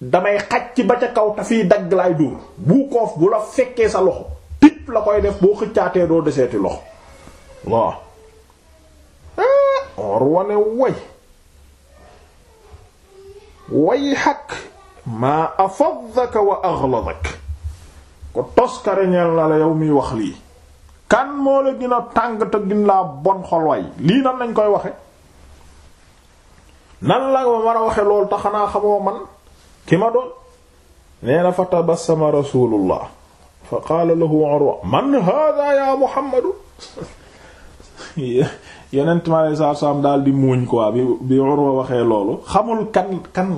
Speaker 1: damay xacc ba ca kaw te fiy dagg laay dóor bu koof bu la fekkee sa loxo tip la koy def boo xëccaatee doo deseeti loxo waaw ah, or wane way xaq maa afadaka wa aghladak ko toskareñeel na la yow miy wax lii kan moo la gën a tàng te gën laa bon xol way lii nan lañ koy waxe nan la ma mën a waxe loolu te xanaa xamoo man ki ma doon nee na fa tabassama rasulullah fa qaala lahu urwa man hada ya muhammadu yeneen mi alei saatu salaam daal di muuñ quoi bi bi Urwa waxee loolu xamul kan kan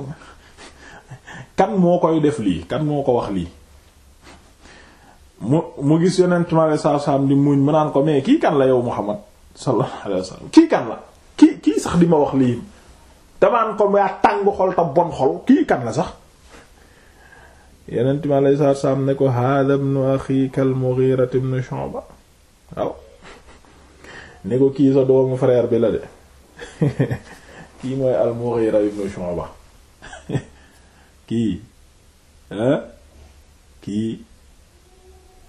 Speaker 1: kan moo koy def lii kan moo ko wax lii mu mu gis yeneen mi alei saatu salaam di muuñ mu naan ko mais kii kan la yow Muhammad sallallahu alayhi wasallam kii kan la kii sax di ma wax lii damaan ko yaa tàng xol ta bon xol kii kan la sax yeneen mi alei saatu salaam ne ko hada ibnu akhika al-Mughira ibn Shu'ba waaw ne ko kii sa doomu frère bi la de kii mooy al-Mughira ibn Shu'ba kii hein kii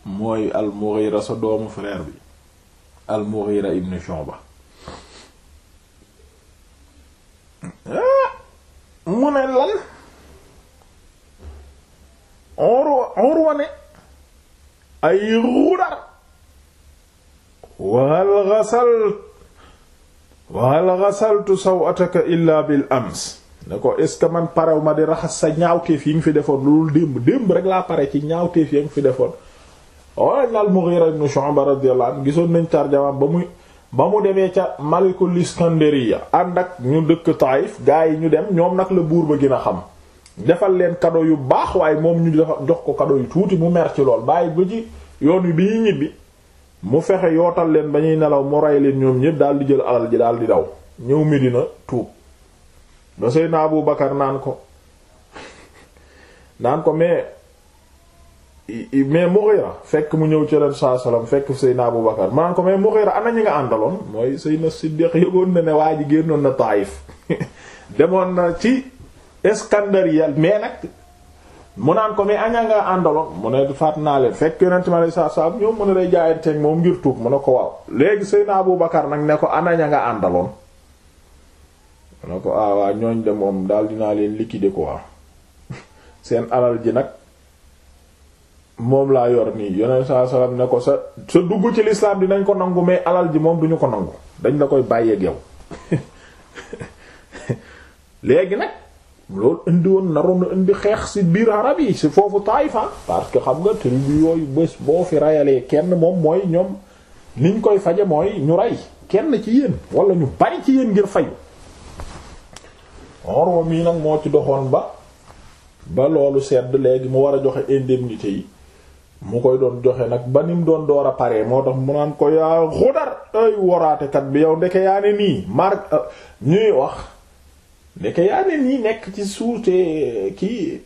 Speaker 1: mooy al-Mughira sa doomu frère bi al-Mughira ibn Shu'ba ah, mu ne lan Urwa Urwa ne ay Ghudar wahal gasalt wahal gasaltu sawataka illa bil ams ne ko est ce que man parew ma di raxas sa ñaaw ñaawteef yi nga fi defoon lu démb démb rek laa pare ci ñaaw ñaawteef yi nga fi defoon wala nal Mughira ibn Shu'ba radiyallahu anhu gisoon nañ tarjamaam ba muy ba mu demee ca Malikul ya ànd ak ñu dëkk Taayif gaa yi ñu dem ñoom nag la buur ba gën a xam defal leen cadeau yu baax waaye moom ñu dafa jox ko cadeau yu tuuti mu mer ci lool bàyyi ba ci yoon wi bi ñibbi mu fexe yootal leen ba ñuy nelaw mu rey leen ñoom ñépp daal di jël alal ji daal di daw ñëw Medina tuub ba naa bu Bakar naan ko naan ko mais mais Mughira fekk mu ñëw ci ren saa salaam fekk Seydina Abu Bakar ma naan ko mais Mughira ana ñi nga àndaloon mooy Seydina Siddiq yëgoon na ne waa ji génnoon na Taayif demoon na ci Iskandariya mais nag. mu naan ko mais aña nga àndaloon mu ne faat naa leen fekk yonent ma lay saa saa ñoom mu ne day jaayanteeg moom ngir tuub mu ne ko waaw léegi Seydina Abu Bakar nag ne ko ana ña nga àndaloon mu ne ko ah waa ñooñ de moom daal dinaa leen ko quoi seen alal ji nag moom laa yor nii yonent saa salaam ne ko sa sa dugg ci lislaam dinañ ko nangu mais alal ji moom duñu ko nangu dañ la koy bàyyee yow léegi nag. loolu indi woon naroon na indi xeex si biir arab yi ci foofu Taïfa parce que xam nga tribu yooyu bés boo fi rayalee kenn moom mooy ñoom niñ koy faje mooy ñu rey kenn ci yéen wala ñu bari ci yéen ngir fayu Urwa mii nag moo ci doxoon ba ba loolu sedd léegi mu war a joxe indemnité yi mu koy doon joxe nag ba ni mu doon door a pare moo tax mu naan ko xudar ay woraatekat bi yow ndeke yaa ne nii mar ñuy wax nekk yaa ne nii nekk ci suute eh, kii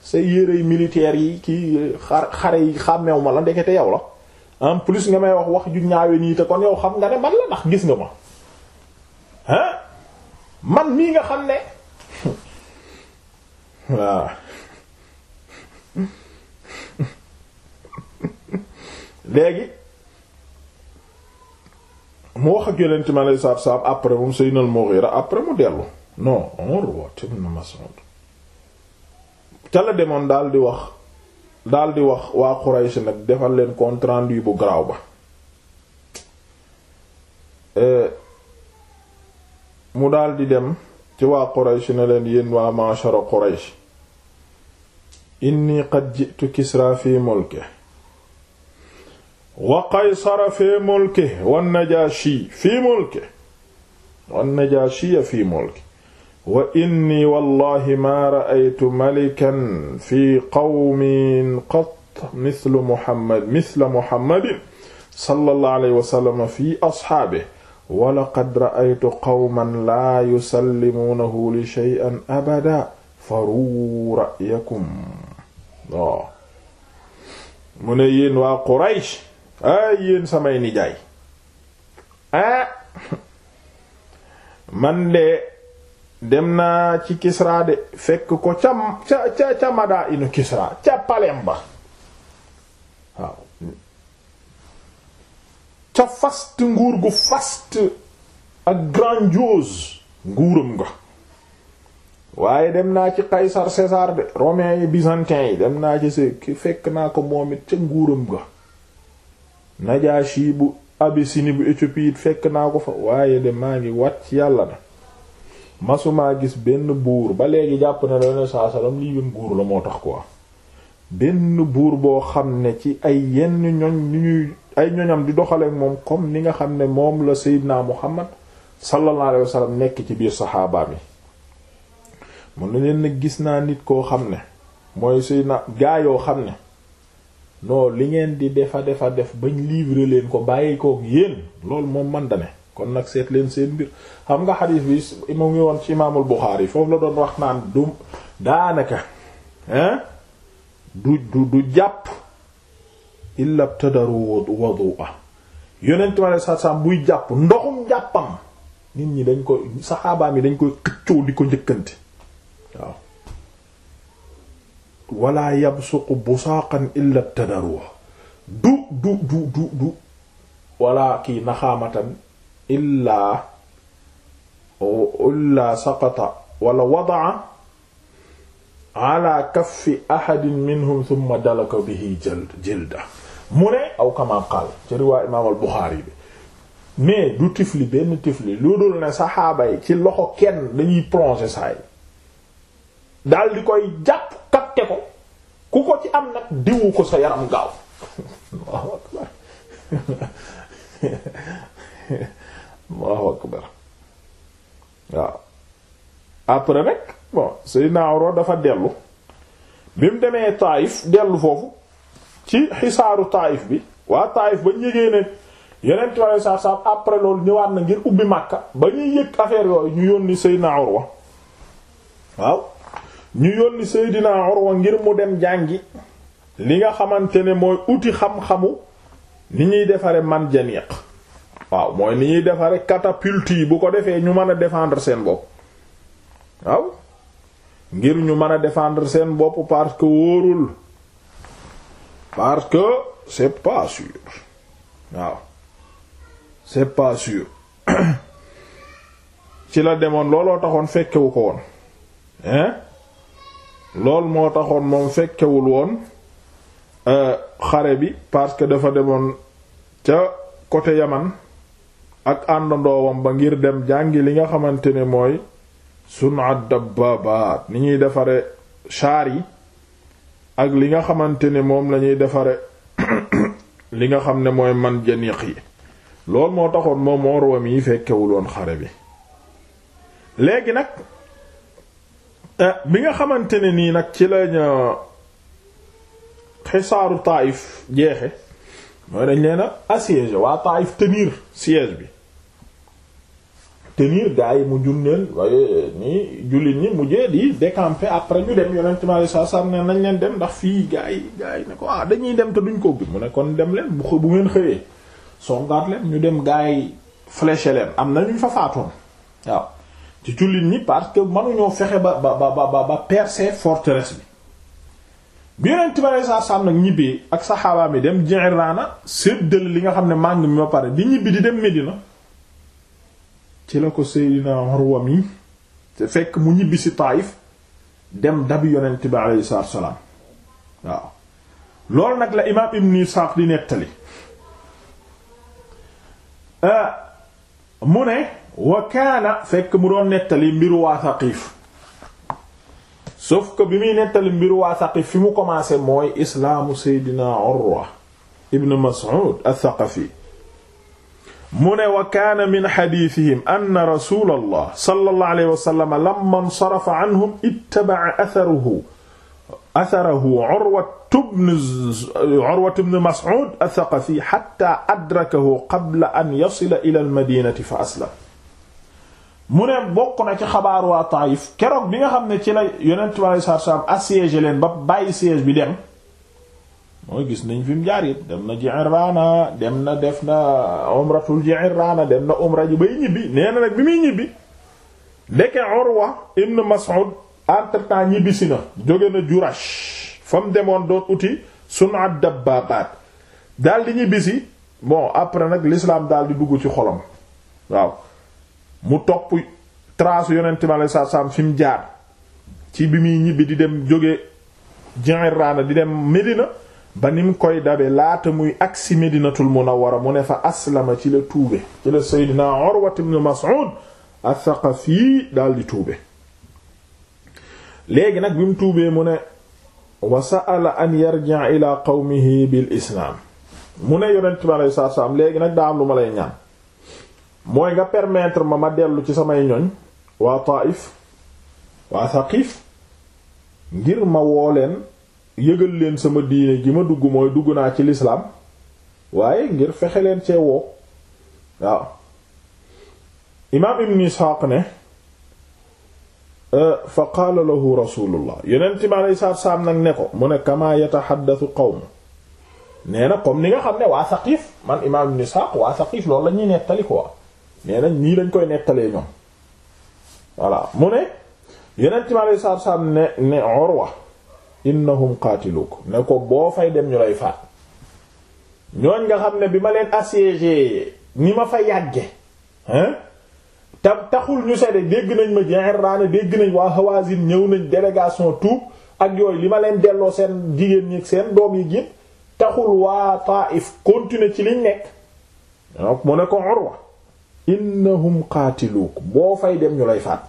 Speaker 1: sa yérey militaire yi kii eh, xar xare yi xàmmeew ma la ndekete yow la en plus nga may wax wax ju ñaawe nii te kon yow xam nga ne man la ndax gis nga ma ah man mii nga xam ne waaw léegi mu wax ak yonent mi alayhi salaatu salaam après moom Seydina Mughira après mu dellu non ca la demoon daal di wax daal di wax waa Quraysh nag defal leen compte rendu bu garaaw ba euh, mu daal di dem ci waa Quraysh ne leen yéen waa ma'shara Quraysh inni qad ji'tu Kisra fi mulki wa Qaysara fi mulki wan Najashi fi mulki wan Najashi fi mulki wa inni wallahi ma ra'aytu malikan fi qawmin qat mithlu muhammad mithla muhammadin sallallahu alayhi wa sallam fi asxaabihi wa laqad ra'aytu qawman laa yusallimuunahu li shay'in abada faruu ra'yakum waaw oh. mu ne yéen waa Quraysh ay yéen samay nijaay ah man de dem naa ci Kisra de fekk ko ca ca ca ca inu Kisra ca palem ba waaw ca fast nguur gu fast ak grandiose nguuram nga waaye dem naa ci Qaysar César de romain yi byzantin yi dem naa ci se fekk naa ko moom it ca nguuram nga Najaashi bu Abyssinie bu Éthiopie it fekk naa ko fa waaye de maa ngi wat ci yàlla na masumaa gis benn buur ba léegi jàpp na la saa salaam lii yën buur la moo tax quoi benn buur boo xam ne ci ay yenn ñoñ ñu ñuy ay ñoñam di doxaleek moom comme ni nga xam ne moom la naa Muhammad sallallahu alayhi wasallam nekk ci biir saxaabaam yi mun na leen gis naa nit koo xam ne mooy Seydina gaa yoo xam ne non li ngeen di defa defa def bañ livrer leen ko bàyyi kook yéen loolu moom man kon nag seet leen seen mbir xam nga xadiis bi mu ngi woon ci imaamul Buxaari foofu la doon wax naan du daanaka hein du du du jàpp illa btadaru wadu'a yonent ma buy jàpp ndoxum ñi dañ ko saxaabaam yi dañ koy di ko njëkkante waaw wala yabsuqu busaaqan illa btadaru du kii naxaamatan illaa illaa saqata wala wadaa ala kaffi ahadin minhum thumma dalaka bihi jilda mu ne aw kama qaal ci riwaa imaam al Buxaari bi mais du tifli benn tifli lu dul ne saxaaba yi ci loxo kenn dañuy plonger saa yi daal di koy jàpp kapte ko ku ko ci am nag diwu ko sa yaram gaaw Allahu akbar waaw après nag bon Seydina Urwa dafa dellu bi mu demee Taayif dellu foofu ci xisaaru Taayif bi waa Taayif ba ñu yëgee ne yeneen tubaab saa saaf après loolu ñëwaat na ngir ubbi Makka ba ñuy yëg affaire yooyu ñu yónni Seydina Urwa waaw ñu yónni Seydina Urwa ngir mu dem jàngi li nga xamante ne mooy uti xam-xamu ni ñuy defaree man janiq waaw mooy ni ñuy defare catapulte yi bu ko defee ñu mën a défendre seen bopp waaw ngir ñu mën a defendre seen bopp parce que wóorul parce que c'est pas sûr waaw c'est pas sûr ci la demoon looloo taxoon fekkewu ko woon hein loolu moo taxoon moom fekkewul woon euh, xare bi parce que dafa demoon ca côté Yaman ak àndandoowam ba ngir dem jàngi li nga xamante ne mooy sunat dabbabaat ni ñuy defare char yi ak li nga xamante ne moom lañuy defare li nga xam ne mooy man janiq yi loolu moo taxoon moom Urwa mi fekkewul woon xare bi léegi nag eh, bi nga xamante ne nii nag ci lañu eh, xisaaru Taayif jeexe mooy dañ leena assiégé waa Taayif tenir siège bi te tenir gaa yi mu junneen waaye eh, nii jullit mu jee di décamper après ñu dem yonent mi alayhi salaam ne nañ leen dem fii gars yi ah, dañuy dem te duñ ko mu ne kon dem bu bu ngeen xëyee ñu dem gars yi fléché am na ñu fa waaw ci jullit parce que mënuñoo fexe ba ba ba ba ba percer forteresse bi. bi yonent mi alayhi salaam nag ñibbee ak saxaabaam yi dem li nga xam ne màng mi ba pare di ñibbi di dem Medina. ci la ko Seydina Urwa mi te fekk mu ñibbi Taayif dem dabi yonent bi aleyhi salaam waaw nag la imaam Ibn Isxaaq di nettali euh, mu ne wa kaana fekk mu doon nettali mbiru waa Saqiif sauf que bi muy nettali mbiru waa Saqiif fi mu commencé mooy islaamu Seydina Urwa ibn Mas'ud al-Thaqafi mu ne wa kaana min xadiisihim anna rasuulallah sallallahu alayhi wa sallam lamma nsarafa anhum ittaba'a atharuhu atharahu urwatu bnu urwatu bnu mas'uud athaqafi xatta adrakahu qabla an yasila ila almadinati fa aslam mu ne bokk na ci xabaar waa Taayif keroog bi nga xam ne ci la yonent bi alayhi salaatu wa salaam assiégé leen ba bàyyi siège bi dem mooy gis nañ fi mu jaar yëpp dem na Ji'irraana dem na def na umratul Ji'irraana dem na umra bay ñibbi nee nag bi muy ñibbi ndeke Urwa ibn Mas'ud entre-temps ñibbi na jóge na Jurash fa mu demoon doon uti sun'at dabbabaat dal di ñibbisi si bon après nag lislaam daal di dugg ci xolom waaw mu topp trace yonent mi alayhi salaam fi mu jaar ci bi muy ñibbi di dem jóge Ji'irraana di dem Medina ba nim koy dabe laata muy agsi Medinatul Munawwara mu ne fa aslama ci la tuube ci la Seydina Urwa ibn Mas'ud Athaqafi daldi tuube léegi nag bi mu tuubee mu ne wa sa'ala an yarji'a ila qawmihi bil islaam mu ne yonent léegi nag daa am lu ma lay ñaan mooy nga permettre ma ma dellu ci samay ñoñ waa Taif waa Thaqif ngir ma woo yëgal leen sama diine ji ma dugg mooy dugg naa ci lislaam waaye ngir fexe leen cee woo waaw imaam ibn Isxaaq ne euh, fa qaala lahu rasulullah yonent mi aleyhi salaatu nag ne ko mu ne kamaa yataxaddasu qawm nee na comme ni nga xam ne waa Saqiif man imaam ibn Isxaaq waa Saqiif loolu la ñuy nettali quoi nee na nii lañ koy nettalee ñoom voilà mu ne yonent mi aleyhi salaatu salaam ne ne Urwa innahum qaatiluuk ne ko boo fay dem ñu lay faat ñooñ nga xam ne bi ma leen assiégé ni ma fa yàgge hein te taxul ñu sedde dégg nañ ma Ji'irraana dégg nañ waa Hawaazin ñëw nañ délégation tuub ak yooyu li ma leen delloo seen jigéen ñi seen doom yi gépp taxul waa Taa'if continuer ci liñ nekk donc mu ne ko Urwa innahum qaatiluuk boo fay dem ñu lay faat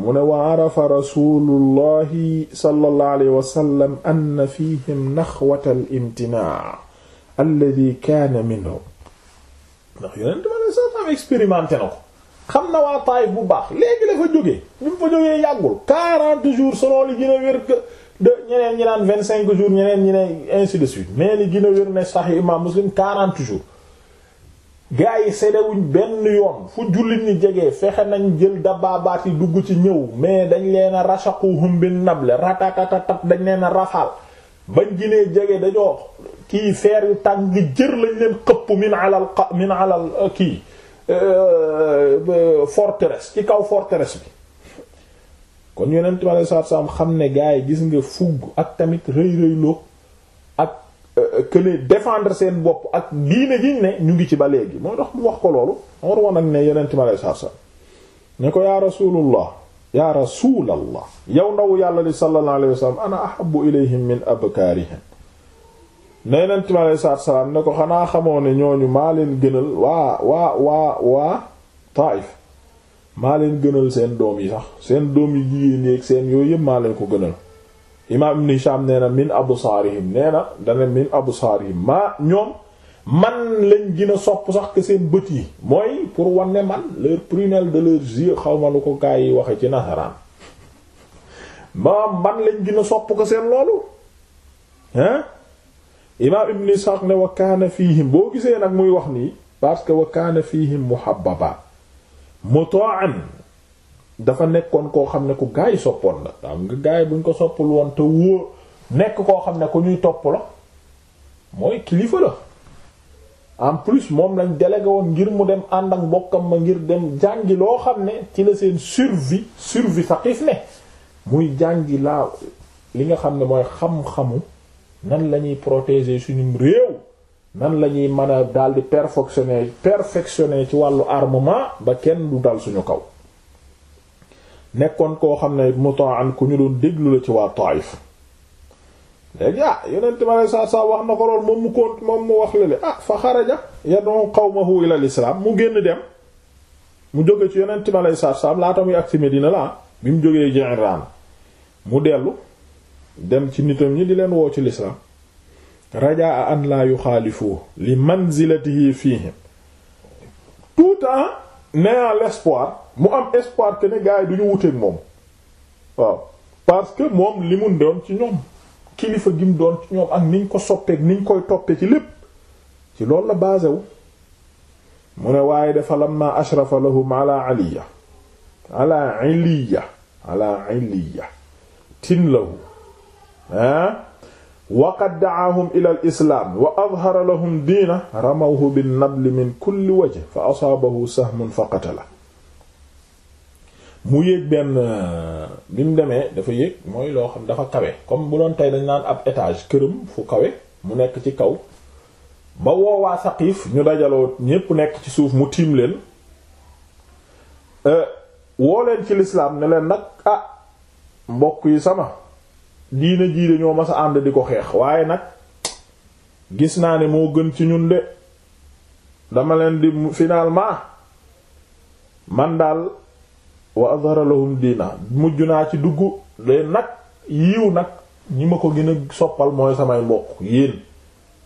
Speaker 1: mu ne wa arafa rasulullahi sallallahu alayhi wasallam ann fihim naxwata al imtinaa alladi kaana minhu ndax yonent ma ne satam expérimenté na ko xam na waa Taayif bu baax léegi la fa jógee ñu fa jógee yàggul 40 jours selon li gën a wér de ñeneen ñi naan 25 jours ñeneen ñi ne ainsi de suite mais li gën a wér ne sax imam Muslim 40 jours gaa yi sedewuñ benn yoon fu jullit ñi jege fexe nañ jël dabaabaat yi dugg ci ñëw mais dañ leen a rashaquhum bin nable ratatatatat dañ leen a rafaal bañ ginee jege dañoo kii feer yu tàng jër lañ leen xëpp min alal min alal euh, kii euh, euh, forteresse ci kaw forteresse bi kon yonent bi alei satu salaam xam ne gaa yi gis nga fugg ak tamit rëy rëyloo que ne défendre seen bopp ak diine giñ ne ñu ngi ci ba léegi moo tax mu wax ko loolu war woon ak ne yonent mi alei satu salam ne ko yaa rasulullah yaa rasulallah yow ndaw yàlla li sallallahu alayhi wa sallam ana ahabu ilayhim min abkaarihim ne yonent mi alei salaam ne ko xanaa xamoo ne ñooñu maa leen gënal waa waa waa waa Taif maa leen gënal seen doom yi sax seen doom yi jigéen yi ak seen yooyu yëpp maa leen ko gënal imaam ibn Hisham nee na min absaarihim nee na dana min absaarihim ma ñoom man lañ gën a sopp sax que seen bët yi mooy pour wanne man leur prunelle de leurs yeux xaw ma lu ko gaa yi waxe ci nasaraan ma man lañ gën a sopp ko seen loolu hein imaam ibn Ishaq ne wa kaana fihim boo gisee nag muy wax nii parce que wa kaana fihim muhabbaba muta'an dafa nekkoon koo xam ne ku gaa yi soppoon la xam nga gaa yi buñ ko soppul woon te wóor nekk koo xam ne ko ñuy topp la mooy kilifa la en plus moom lañ délégué woon ngir mu dem ànd ak mbokkam ma ngir dem jàngi loo xam ne ci la seen survi survie Saqif ne muy jàngi laa li nga xam ne mooy xam-xamu nan la ñuy protéger suñu réew nan la ñuy mën a daal di perfectionner perfectionner ci wàllu armement ba kenn du dal suñu kaw nekkoon koo xam ne mutaan ku ñu doon déglu la ci waa Taif léegi ah yonent ma lay saa saa wax na ko lool moom mu kont moom mu wax lale a ah, fa xaraja yad'u qawmahu ila al-islam mu génn dem mu jóge ci yonent ma lay saa saa laata muy agsi Medina la ah, bi mu jógee Ji'raan mu dellu dem ci nitam ñi di leen woo ci lislaam rajaa an la yuxaalifu li manzilatihi fihim tout en ayant l'espoir mu am espoir que ne gars yi du ñu moom parce que moom li mu doon ci ñoom kilifa gi mu doon ci ñoom ak niñ ko soppeek niñ koy toppee ci lépp ci loolu la basé wu mu ne waaye dafa lamma ashrafa lahum ala aliya ala iliya ala iliya tin lahu ah waqad da'ahum ila al wa adhara lahum diina ramawhu bin nabli min kulli wajh fa asaabahu sahmun fa qatala mu yéeg benn euh, bi mu demee dafa yéeg mooy loo xam dafa kawe comme bu doon tey dañ naan ab étage këram fu kawe mu nekk ci kaw ba woowaa saqiif ñu dajaloo ñépp nekk ci suuf mu tiim leen euh, woo leen ci lislaam ne leen nag a ah, mbokk yi sama diina jii dañoo mas a ànd di ko xeex waaye nag gis naa ne moo gën ci ñun de dama leen di finalement man daal wa azhara lahum diina mujj naa ci dugg leen nag yiiw nag ñi ma ko gën a soppal mooy samay mbokk yéen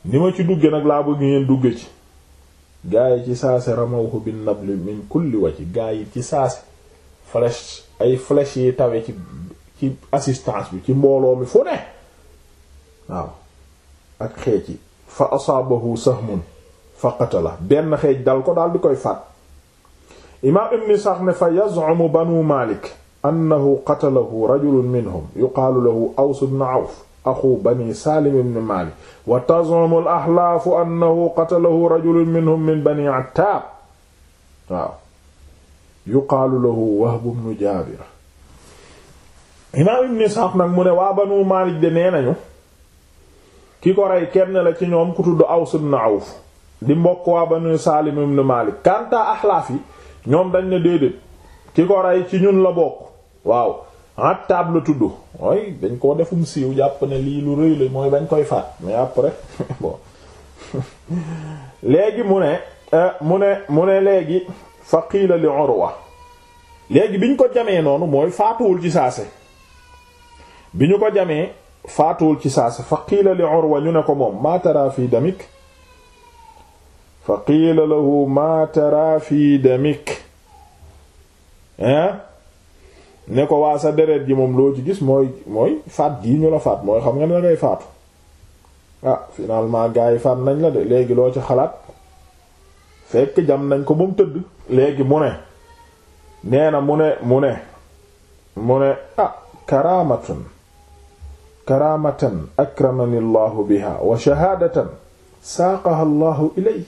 Speaker 1: ni ma ci dugge nag laa bëgg ngeen dugge ci gaa yi ci saase ramawhu bin nabli min kulli wacc gaa yi ci saase flèche ay flèche yi tawe ci assistance bi ci mbooloo mi fu ne waaw ak xeej yi fa asaabahu sahmun fa qatala benn xeej dal ko daal di koy faat imaam ibn Isxaaq ne fa yaz'umu banu Maalik annahu qatalahu rajulun minhum yuqaalu lahu Aws ibn Awf axu bani Saalim ibn Maalik wa tazumu al-ahlaafu annahu minhum min bani Attaab waaw yuqaalu Wahb ibn Jaabir imaam ibn Isxaaq nag mu ne waa banu Maalik de nee nañu ki ko rey kenn la ci ñoom ku tudd Aws ibn Awf di mbokk waa banu Saalim ibn Maalik kanta axlaaf ñoom dañ ne déedéet ci ko rey ci ñun la bokk waaw Attab la tudd mooy dañ koo defum siiw jàpp ne lii lu rëy la mooy dañ koy faat mais après bon léegi mu ne euh, mu ne mu ne léegi fa qiila li léegi bi ñu ko jamee noonu mooy faatuwul ci saase bi ñu ko jamee faatuwul ci saase fa qiila li ñu ne ko moom ma tara fi damik fa qiila lahu maa tara fi damik ne ko waa sa deret ji moom loo ci gis mooy mooy faat gii ñu la faat mooy xam nga ne dangay faatu ah finalement gars yi faat nañ la de léegi loo ci xalaat fekk jam nañ ko ba mu tëdd léegi mu ne nee na mu ne mu ne mu ne ah karamatun karamatan akramani llahu biha wa shahaadatan saaqaha llahu ilay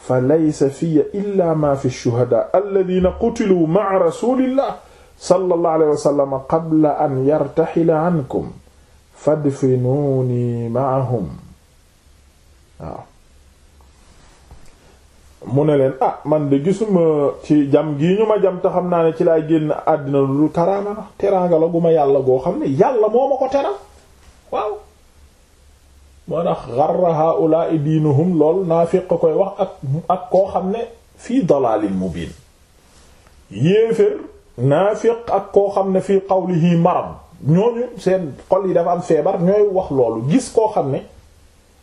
Speaker 1: fa laysa fiya illa ma fi shuhada alladina qutilu ma'a rasulillah sallallahu alayhi wa sallam qabla an yartaxila ankum fadfinuuni ma'ahum waaw mu ne leen ah man de gisuma ci jam gii ñu ma jam te xam naa ne ci laay génn àddina lu dul karaama na teraanga la gu ma yàlla goo xam ne yàlla moo ma ko teral waaw moo tax xarra haulai diinuhum lool naafiq koy wax ak ak koo xam ne fii mu mubin yéeféer naafiq ak koo xam ne fii qawlihi marad ñooñu seen xol yi dafa am feebar ñooy wax loolu gis koo xam ne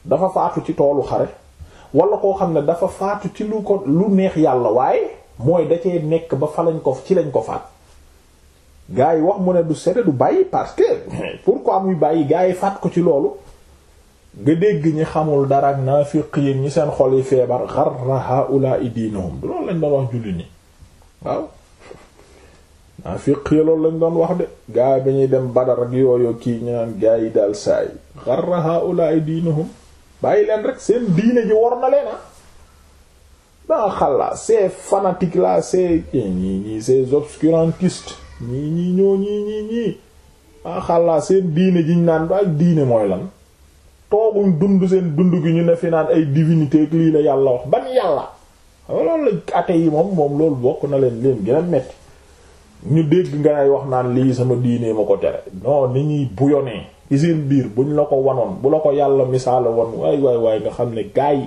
Speaker 1: dafa faatu ci toolu xare wala koo xam ne dafa faatu ci lu ko lu neex yàlla waaye mooy da cee nekk ba fa lañ ko ci lañ ko faat gaa yi wax mu ne du sede du bàyyi parce que pourquoi muy bàyyi gaa yi faat ko ci loolu nga dégg ñi xamul dara ak naafiq yi ñi seen xol yi feebar xarra haula'i diinuhum du loolu lañ doon wax julli nii waaw naafiq yi loolu lañ doon wax de gaay bi ñuy dem Badar ak yooyu kii ñu naan gaay yi daal saay xarra haula'i diinuhum bàyyi leen rek seen diine ji war na leen daa ah. xalla ces fanatiques là ces ñii ñii ces obscurantistes ñii ñii ñoo ñii ñii ñii daa xalla seen diine jiñ naan daal diine mooy lan tooguñ dund seen dund gi ñu ne fi naan ay divinité ak lii la yàlla wax ban yàlla loolu la ate yi moom moom loolu bokk na leen leen gën a metti ñu dégg nga nay wax naan lii sama diinee ma ko tere non ni ñuy buyonee ci seen biir buñ la ko wanoon bu la ko yàlla misaala woon waay waay waay nga xam ne gaa yi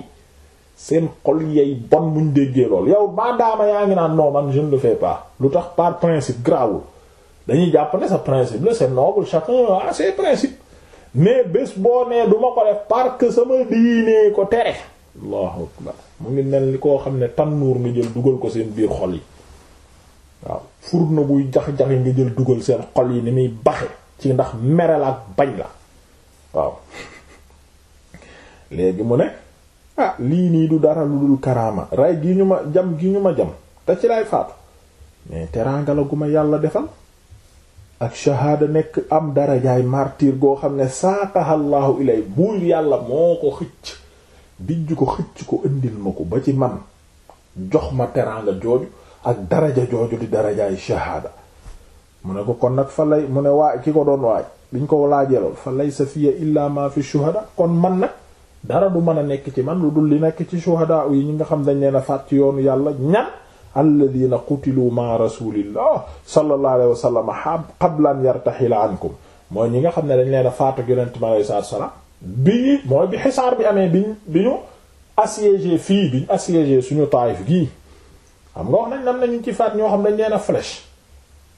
Speaker 1: seen xol yay bon muñ déggee lool yow maadaama yaa ngi naan non man je ne le fais lu tax par principe grawul dañuy jàpp ne sa principe l c'est noble mais bés boo nee du ma ko def parce sama diine ko tere allahu akbar mu ngi mel ni koo xam ne tànnuur nga jël dugal ko seen biir xol yi waaw furna buy jax-jaxi nga jël dugal seen xol yi ni muy baxe ci ndax merel ak bañ la waaw léegi mu ne ah lii nii du dara lu dul karaama ray gi ñu ma jam gi ñu ma jam te ci lay faatu mais teraanga la gu ma yàlla defal ak shahaada nekk am darajaay martyr goo xam ne saaqahallaahu ilay buur yàlla moo ko xëcc dijj ko xëcc ko indil ma ko ba ci man jox ma teraanga jooju ak daraja jooju di darajaay shahaada mu ne ko kon nag fa lay mu ne waay ki ko doon waay liñ ko laajeelool fa laysa fiya illa ma fi shuhada kon man nag dara du mën a nekk ci man lu dul li nekk ci shuhada yi ñi nga xam dañ leen a fàtt yoonu yàlla ñan alladina qutilu ma rasulillah sallallahu alayhi wa sallam qabla an yartaxila ankum mooy ñi nga xam ne dañ leen a faatu yonent mi alayhi salaatu wa salaam bi mooy bi xisaar bi amee bi ñu assiégé fii bi ñu assiégé suñu Taayif gii xam nga wax nañ nam nañu ci faat ñoo xam dañ leen a flèche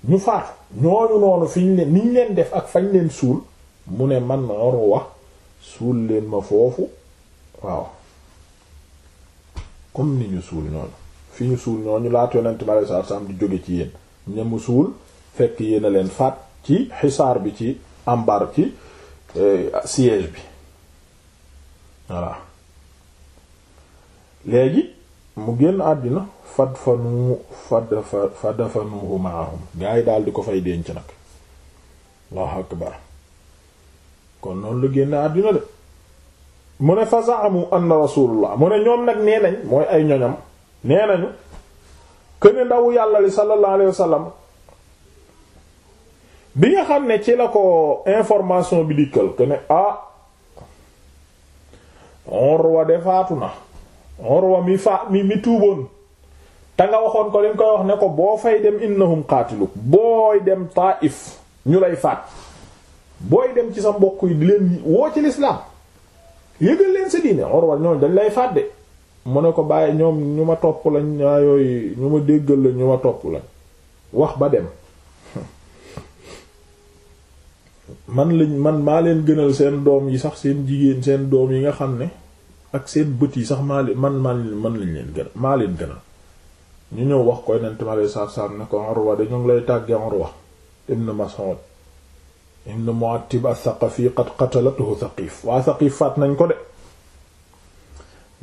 Speaker 1: ñu faatu ñooñu noonu fiñ leen niñ leen def ak fañ leen suul mu ne man waru wax suul leen ma foofu waaw comme ni ñu suul ñooñu fi ñu suul ñu laata yonent bi alayhi salaam di jóge ci yéen ñamu suul fekk yéen leen faat ci xisaar bi ci ambar ci eh, siège bi voilà léegi mu génn àddina fad fanu maahum gaa yi daal di ko fay denc nag allahu akbar kon noonu la génn àddina de mu ne fa za'amu anna rasulullah mu ne ñoom nag nee nañ mooy ay ñoñam nee nañu këne ndaw yàlla li sallallahu alayhi bi nga xam ne ci la ko information bi dikkal këne ah Urwa de faatu na Urwa mi fa mi mi tuuboon te nga waxoon ko li nga koy wax ne ko boo fay dem innahum qaatilu booy dem Taif ñu lay faat booy dem ci sa mbokk yi di leen woo ci lislaam yëgal leen sa diine Urwa dañ lay faat de mu ne ko bàyyi ñoom ñu ma topp lañ ñaa yooyu ñu ma déggal lañ ñu ma topp lañ wax ba dem man lañ man maa leen gënal seen doom yi sax seen jigéen seen doom yi nga xam ne ak seen bët yi sax maa leen man man man lañ leen gën maa leen gënal ñu ñëw wax koy nent ma lay saab-saab ne ko Urwa dañu ngi lay tàgge Urwa ibn Mas'ud ibn Mu'attib as-Saqafi qad qatalathu Thaqif waa Thaqif faat nañ ko de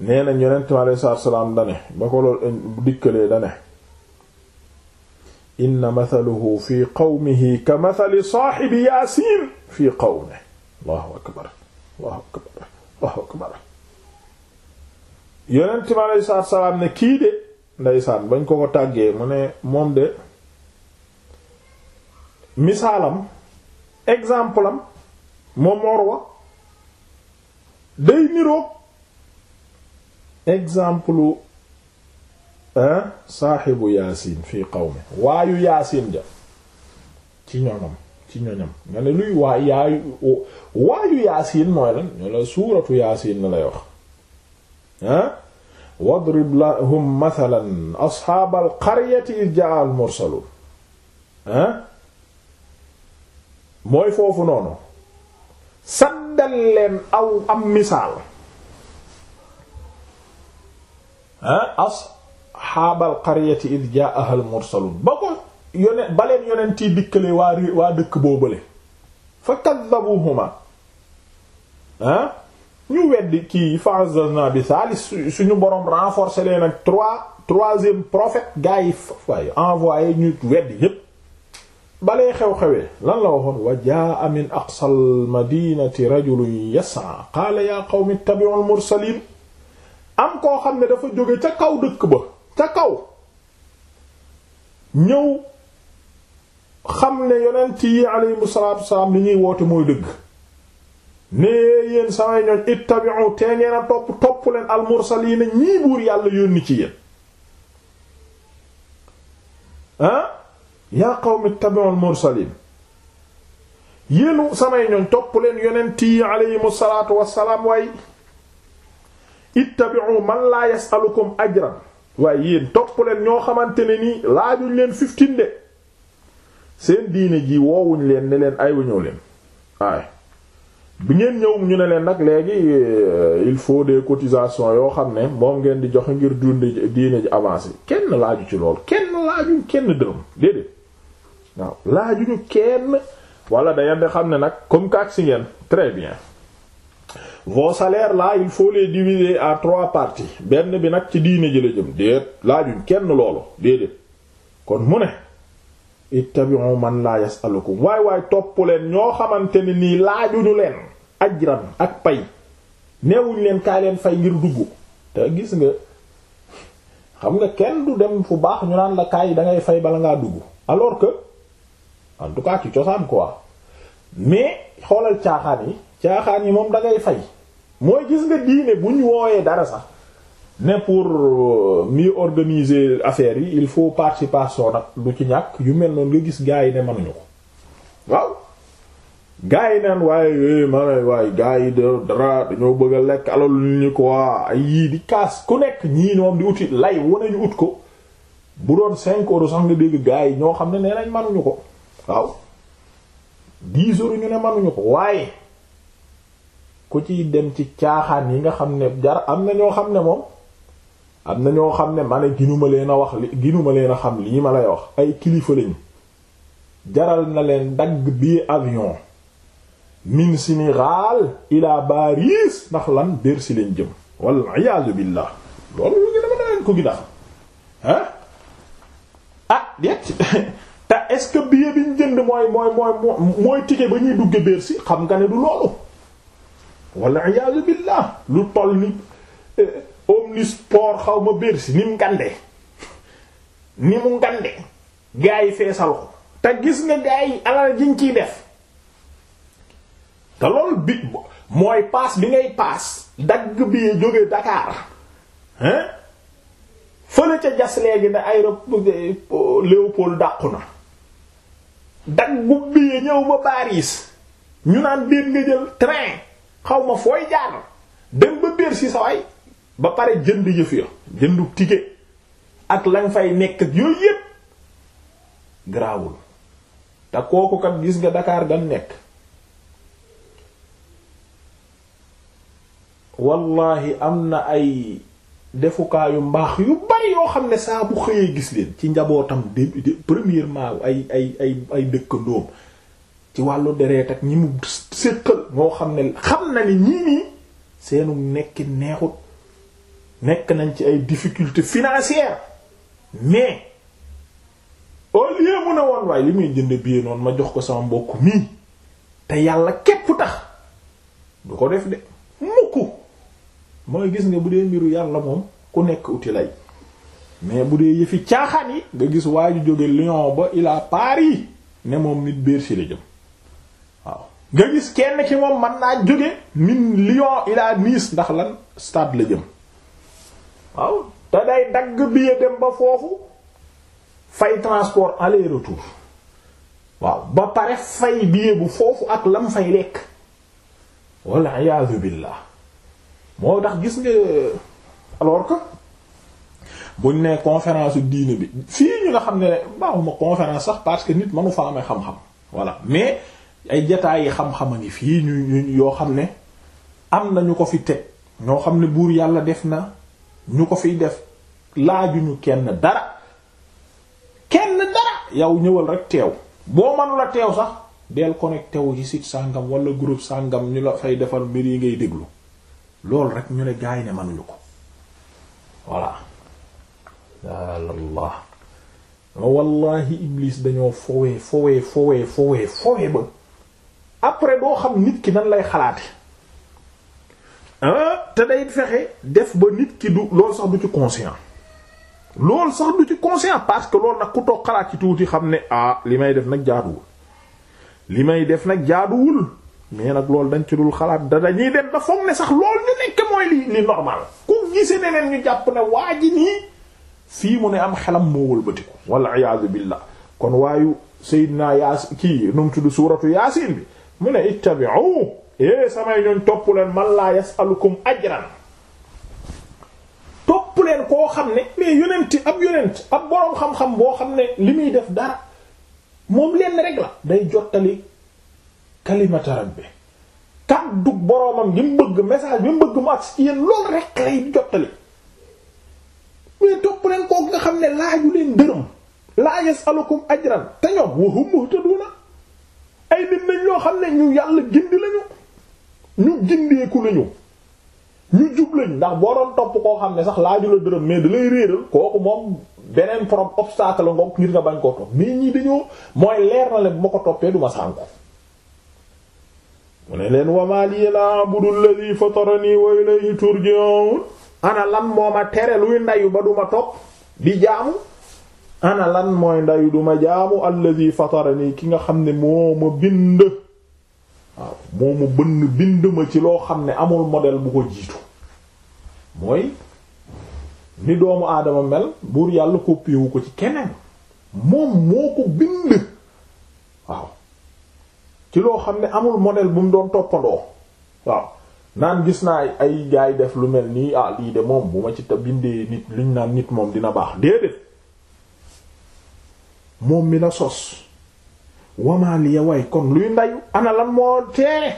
Speaker 1: nee na yonent mi aleyhi salaatu salaam dane ba ko lool dikkalee dane inna mathaluhu fi qawmihi ka mathali saahibi yaasiin fi qawmihi allahu akbar allahu akbar allahu akbar yonent mi aleyhi salaam ne kii de ndeysaan bañ ko ko tàggee mu ne moom de misaalam exemple am moom Urwa day niroog exemple hein saaxibu yaasin fii qawmi waayu yaasin ja ci ñoñam ci ñoñam nga luy waayu yaasin mooy lan ñoo la suuratu yaasin na lay wax hein wadrib lahum mathalan asxaabal qaryati id jaa al mursaluun mooy foofu noonu saddal leen aw am misaal asxaabal qaryati id jaa'aha al mursalun ba ko yone baleen yonent yi dikkale waa waa dëkk boobale fa kaddabuhuma ah ñu weddi kii fa azzazna bi saalis suñu boroom renforcer leen ak trois troisième prophète gars yi waaye envoyé xew-xewee lan la waxoon wa jaa min aqsal madinati rajulun yas'a qaala yaa qawmi ittabi'u al mursalin am koo xam ne dafa jóge ca kaw dëkk ba ca kaw ñëw xam ne yonent yi aleyhimu salaatu wasalaam li ñuy woote mooy dëgg ne yéen samay ñoñ ittabi'u te ngeen a topp topp leen almursaliina ñii buur yàlla yónni ci yéen ah yaa qawmi ittabi'u almursaliin yéenu samay ñoñ topp leen yonent yi aleyhimu salaatu wasalaam waay ittabi'u man laa yas'alukum ajran waaye yéen topp leen ñoo xamante ne nii laajuñ leen fifteen de seen diine ji woowuñ leen ne leen aywa ñëw leen waaye bi ngeen ñëw ñu ne leen nag léegi euh, il faut des cotisation yoo xam ne moom ngeen di joxe ngir dund diine ji avancé kenn laaju ci lool kenn laajuñ kenn dërëm déedéet waaw laajuñu kenn wala da ngeen di xam ne nag comme kaag si ngeen très bien. vos salaires là il faut les diviser à trois parties benn bi nag ci diine ji la jëm déet laajuñ kenn loolu déedéet kon mu ne ittabi'u man la yas'alukum waay waay topp leen ñoo xamante ni nii laajuñu leen ajran ak pay neewuñ leen kaay leen fay ngir dugg te gis nga xam nga kenn du dem fu baax ñu naan la kaay da ngay fay bala ngaa dugg alors que en tout cas ci cosaan quoi mais xoolal caaxaan yi caaxaan yi moom dangay fay mooy gis nga diine bu ñu wooyee dara sax ne pour euh, mi organiser affaires yi il faut participation nag du ci ñàkk yu mel noonu nga gis gaa yi ne mënuñu ko waaw gaa yi naan waaye eh, man waaye gaa yi dara dañoo bëgg a lekk alal lu ñu quoi ay yii di kaas ku nekk ñii ñoom di uti lay wane ñu ut ko bu doon cinq euros sax nga dégg gaa yi ñoo xam ne nee nañ mënuñu ko waaw dix ñu ne manuñu ko waaye ku ci dem ci caaxaan yi nga xam ne jar am na ñoo xam ne moom am na ñoo xam ne ma ne ginuma leen a wax li ginuma leen a xam lii ma lay wax ay kilifa lañu jaral na leen dagg bii avion min Sénégal ila Paris ndax lan Bercy leen jëm wal iyaazu billah loolu lu gën a mën ko gën a xam ah ah déet te est-ce que billet ñu jënd mooy mooy mooy mooy ticket ba ñuy dugge Bercy xam nga ne du loolu wala iyaazu billah lu toll ni eh, omnisport xaw ma Bercy ni mu ngande ni mu ngande gaa yi feesal ko te gis nga gaa yi alal jiñ ciy def te loolu bi mooy paas bi ngay paas dagg bi jóge Dakar hein fële ca jas léegi ne aéroport Léopold dàqu na dagg bu bi ñëw ba Paris ñu naan biir nga jël train xaw ma fooy jaana dem ba biir si ba pare jënd yëf ya jëndu ticket ak lañ fay nekk ak yooyu yépp garaawul te kooku kat gis nga dakaar gan nekk wallahi am na ay defukaayu mbaax yu bari yoo xam ne saa bu xëyee gis leen ci njabootam de premièrement ay ay ay ay dëkkandoom ci wàllu deret ak ñi mu séqal moo xam ne xam na ni ñii nii seenu nekki neexut nekk nañ ci ay difficultés financières mais au lieu mu ne woon waaye li muy jënd billet noonu ma jox ko sama mbokk mii te yàlla képp tax du ko def de mukk mooy gis nga bu dee mbiru yàlla moom ku nekk uti mais bu dee yëfi caaxaan yi nga gis waa ju jóge lion ba il a Paris ne moom nit Bercy la jëm nga gis kenn ci moom mën naa jóge min lion ila Nice ndax lan stade la jëm waaw te day dagg billet dem ba foofu fay transport aller retour waaw ba pare fay billet bu foofu ak lam fay lekk walla iyaazu billah moo tax gis nga alors que buñ ne conférence diine bi fii ñu nga xam ne baaxuma conférence sax parce que nit mënu fa amee xam-xam voilà mais ay jataay yi xam-xam a ngi fii ñu ñu yoo xam ne am na ñu ko fi teg ñoo xam ne buur yàlla def na ñu ko fi def laajuñu kenn dara kenn dara yow ñëwal rek teew boo mënula teew sax del connecté wu ci site sàngam wala groupe sàngam ñu la fay defar mbir yi ngay déglu loolu rek ñu ne gaay ne mënuñu ko voilà yàlla wallahi iblis dañoo fowee fowee fowee fowee fowee après doo xam nit ki nan lay xalaate ah, te day fexe def ba nit ki du loolu sax du ci conscient loolu sax du ci conscient parce que loolu nag ku toog xalaat ci tuuti xam ne ah li may def nag jaaduwul li may def nag jaaduwul mais nag loolu dañ ci dul xalaat da dañuy dem ba foog ne sax loolu ñu nekk mooy li li normal ku gise neneen ñu jàpp ne waa ji nii fii mu ne am xelam moo wëlbatiku wal iyaadu billah kon waayu naa Yaas kii nu mu tudd suuratu Yaasiin bi mu ne ittabi'u é samay ñooñ topp leen man laa yasalukum ajran topp leen koo xam ne mais yonent ab yonent ab boroom xam-xam boo xam ne li muy def dara moom leen rek la day jottali kalimata rabbi kàddu boroomam gi mu message bi mu bëgg mu ak ci yéen loolu rek lay jottali mais topp leen kooku nga xam ne laaju leen dërëm laa yasalukum ajran te ñoom wahum muhtaduna ay nit nañ ñoo xam ne ñu yàlla gindi lañu ñu gindeeku lañu ñu jub ndax boo doon topp koo xam ne sax laaju la dërëm mais da lay réeral kooku moom beneen problème obstacle la ngok ngir nga bañ koo topp mais ñii dañoo mooy leer na bu ma ko toppee duma sànku mu ne leen wama li la abudu alladhi fatarani wa ilayhi turja'un ana moo ma tere luy ndayu ba duma topp di jaamu ana mooy ndayu duma jaamu alladhi fatarani ki nga xam ne moo ma bind waaw moo ma bënn bind ma ci loo xam ne amul modèle bu ko mooy ni doomu aadama mel buur yàlla copié wu ko ci keneen moom loo xam ne amul modèle bu mu doon toppandoo waaw naan gis naa ay gaay def lu mel nii ah lii de moom bu ma ci ta bindee nit luñ naan nit moom dina baax déedéet moom mi la sos wamaali ya way kon luy ndayu ana lan moo tee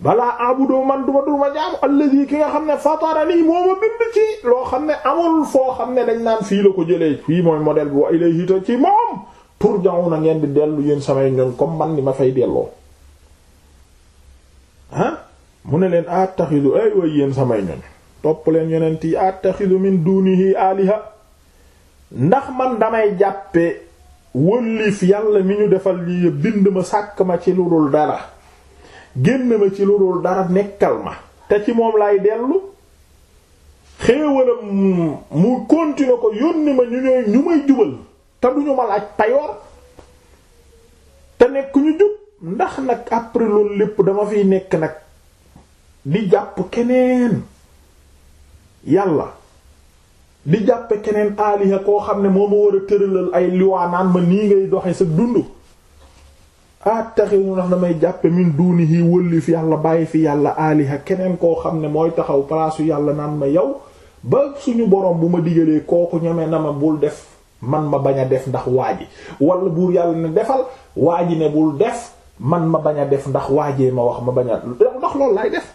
Speaker 1: balaa abudo man duma duma jaamu alladi ki nga xam ne fatarani moo ma bind ci loo xam ne amul foo xam ne dañ naan fii la ko jëlee fii mooy modèle bi wa ilayhi ta ci moom turja'una ngeen di dellu yéen samay ñoñ comme man ni ma fay delloo ah mu ne leen attaxidu ay way yéen samay ñoñ topp leen yonent yi attaxidu min dunihi aliha ndax man damay jàppe wëlliif yàlla mi ñu defal lii bind ma sàkk ma ci lu dul dara génn ma ci lu dul dara nekkal ma te ci moom lay dellu xéewalam mu continuer ko yónni ma ñu ñooy ñu may jubal te duñu ma laaj payoor te nekk ñu jub ndax nag après loolu lépp dama fiy nekk nag di jàpp keneen yàlla di jàppe keneen aaliha koo xam ne moo ma war a tëralal ay liwaanaan ma nii ngay doxe sa dund attaxinu ndax damay jàppe min duuni hi bàyyi fi yàlla aaliha keneen koo xam ne mooy taxaw palaasu yàlla naan ma yow ba suñu borom bu ma digalee kooku ñeme na ma bul def man ma bañ a def ndax waa ji wala buur defal waa ji ne def man ma bañ a def ndax waajee ma wax ma bañ a ndax loolu laay def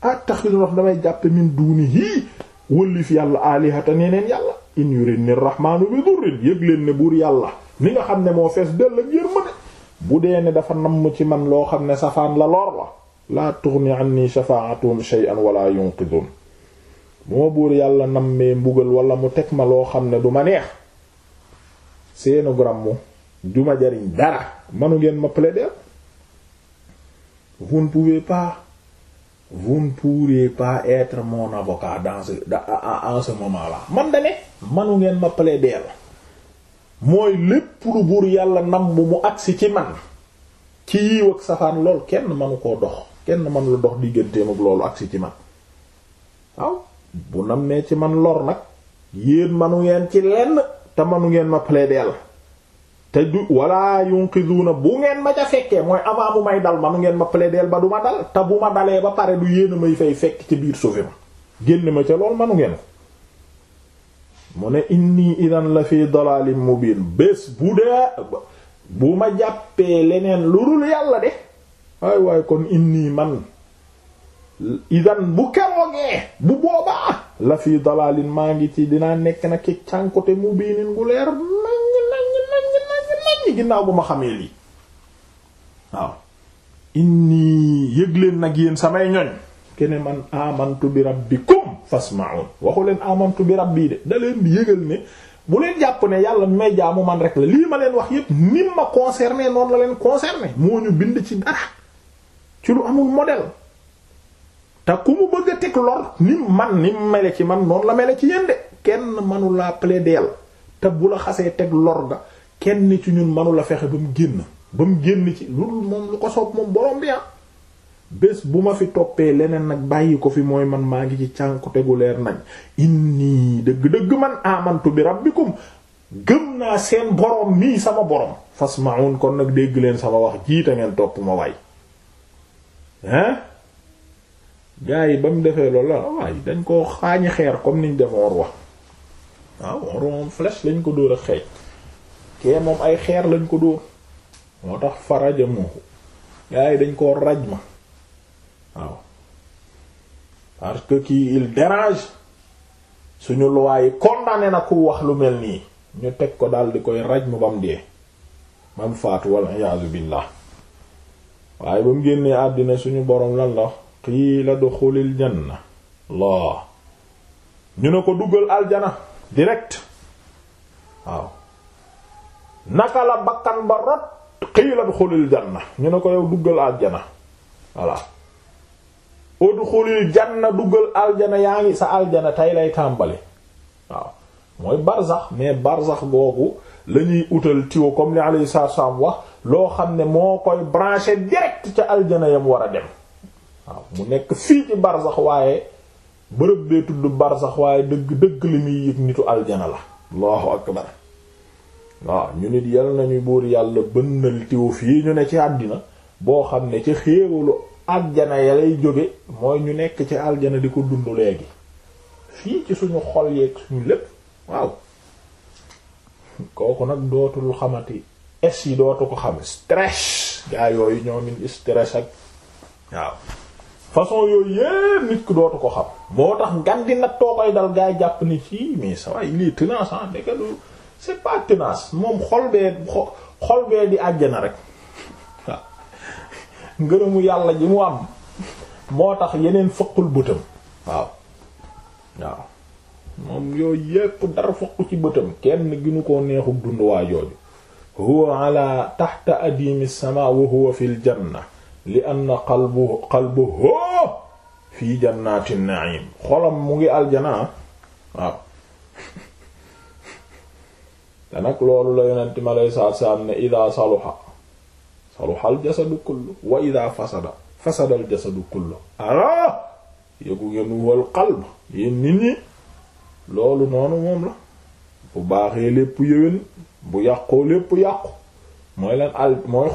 Speaker 1: attaxinu ndax damay jàppe min duuni hi wëllif yàlla alihatan yeneen yàlla in yuridni rahmaanu bi durrin yëg leen ne buur yàlla ni nga xam ne moo fees dell ak yërmande bu dee ne dafa namm ci man loo xam ne safaan la lor la laa tughni anni shafaa'atuhum shay'an wala yunqidun moo buur yàlla nammee mbugal wala mu teg ma loo xam ne du ma neex seenu grammu du ma jariñ dara manu ngeen ma plaider vous ne pouvez vous ne pourrez pas être mon man da manu ngeen ma plaider la mooy lépp lu buur yàlla nam bu mu agsi ci man ci yiiw ak safaan lool kenn manu koo dox kenn manu la dox digganteem loolu agsi ci man waaw bu nam nee ci man lor nag yéen manu ngeen ci lenn te manu ngeen ma plaider la te du wala yunqiduna bu ngeen ma ca fekkee mooy avant bu may dal man ngeen ma plaideel ba du ma dal te bu ma dalee ba pare du yéen a may fay fekk ci biir suufi ma génn ma ca lool manu ngeen ko mu ne inni idan la fi dalalin mubin bés bu dee bu ma jàppee leneen lu dul yàlla de waay waay kon inni man idan bu keroogee bu boobaa la fi dalalin maa ngi ci dinaa nekk na ki cànkute mubinin gu leer ma tey ginnaaw bu ma xamee lii waaw inni yëg leen nag yéen samay ñoñ kene man amantu bi rabbikum fasma'un waxu leen amantu bi bii de da leen yëgal ne bu leen jàpp ne yàlla mi may jaamu man rek la lii ma leen wax yépp ni ma concerné noonu la leen concerné moo ñu bind ci dara ci lu amul modèle te ku mu bëgg a teg lor ni man ni mele ci man noonu la mele ci yéen de kenn mënu laa plaideel te bu la xasee teg lor ga kenn ci ñun manula fexe ba mu génn ba mu génn ci loolu moom lu ko soob moom borom bi ah bés bu ma fi toppee leneen nag bàyyi ko fi mooy man maa ngi ci cànku tegu leer nañ inni dëgg-dëgg man amantu bi rabbikum gëm naa seen borom nii sama borom fasma'un kon nag dégg leen sama wax jiite ngeen topp ma waay hein gaa yi ba mu defee loolu la waay dañ koo xaañi xeer comme niñ def or wax waaw or moom flèche lañ ko dóor a xeej kee moom ay xeer lañ ko dóor moo tax fa moomu gars yi dañ koo raj ma waaw parce que il dérange suñu loi yi na ku wax lu mel nii ñu teg ko daal di koy raj mu ba mu dee mam faatu wal iyaazu billah waaye ba mu génnee àddina suñu boroom lan la qiila jën janna laa ñu ne ko duggal aljana direct waaw naka la bakkan ba rot xiila udxulil janna ñu ne ko yow duggal aljana voilà udxulil janna duggal aljana yaa ngi sa aljana tey lay tàmbali waaw mooy barzax mais barzax googu la ñuy utal tiwo comme li alayhi salaam wax loo xam ne moo koy branché direct ca aljana yam war a dem waaw mu nekk fii ci barzax waaye bërëb bee tudd barzax waaye dëgg dëgg li muy yëg nitu aljana la allahu akbar waaw ñu nit yal nañu buur yàlla bënnal tiwu fii ñu ne ci àddina boo xam ne ci xéewalu aljana ya lay jóge mooy ñu nekk ci aljana di ko dund léegi fii ci suñu xol yeeg suñu lépp waaw kooku nag dootul xamati es yi dootu ko xam stress gaa yooyu ñoo min stress ak waaw façon yooyu yépp nit ku dootu ko xam moo tax ngan di nag too dal gaa jàpp ni ci mais ça va il est tenace ah c'est pas tenace moom xol bee xol bee di àjjana rek waaw ngërëmu yàlla ji mu am moo tax yeneen fëqul bëtam waaw waaw moom yooyu yépp dara fëqu ci bëtam kenn ginu koo neexu dund waa jooju huwa ala taxta adimi sama wa huwa fi l janna li anna qalbu qalbuhu fi jannati naim xolam mu ngi aljana waaw te nag loolu la yonent mi aleyhi salaatu salaam ne ida saluha saluhal jasadu kullu wa ida fasada fasadal jasadu kullu ah yëgu ngeen wal qalb yéen nit ñi loolu noonu moom la bu baaxee lépp yëwén bu yàqoo lépp yàqu mooy leen al mooy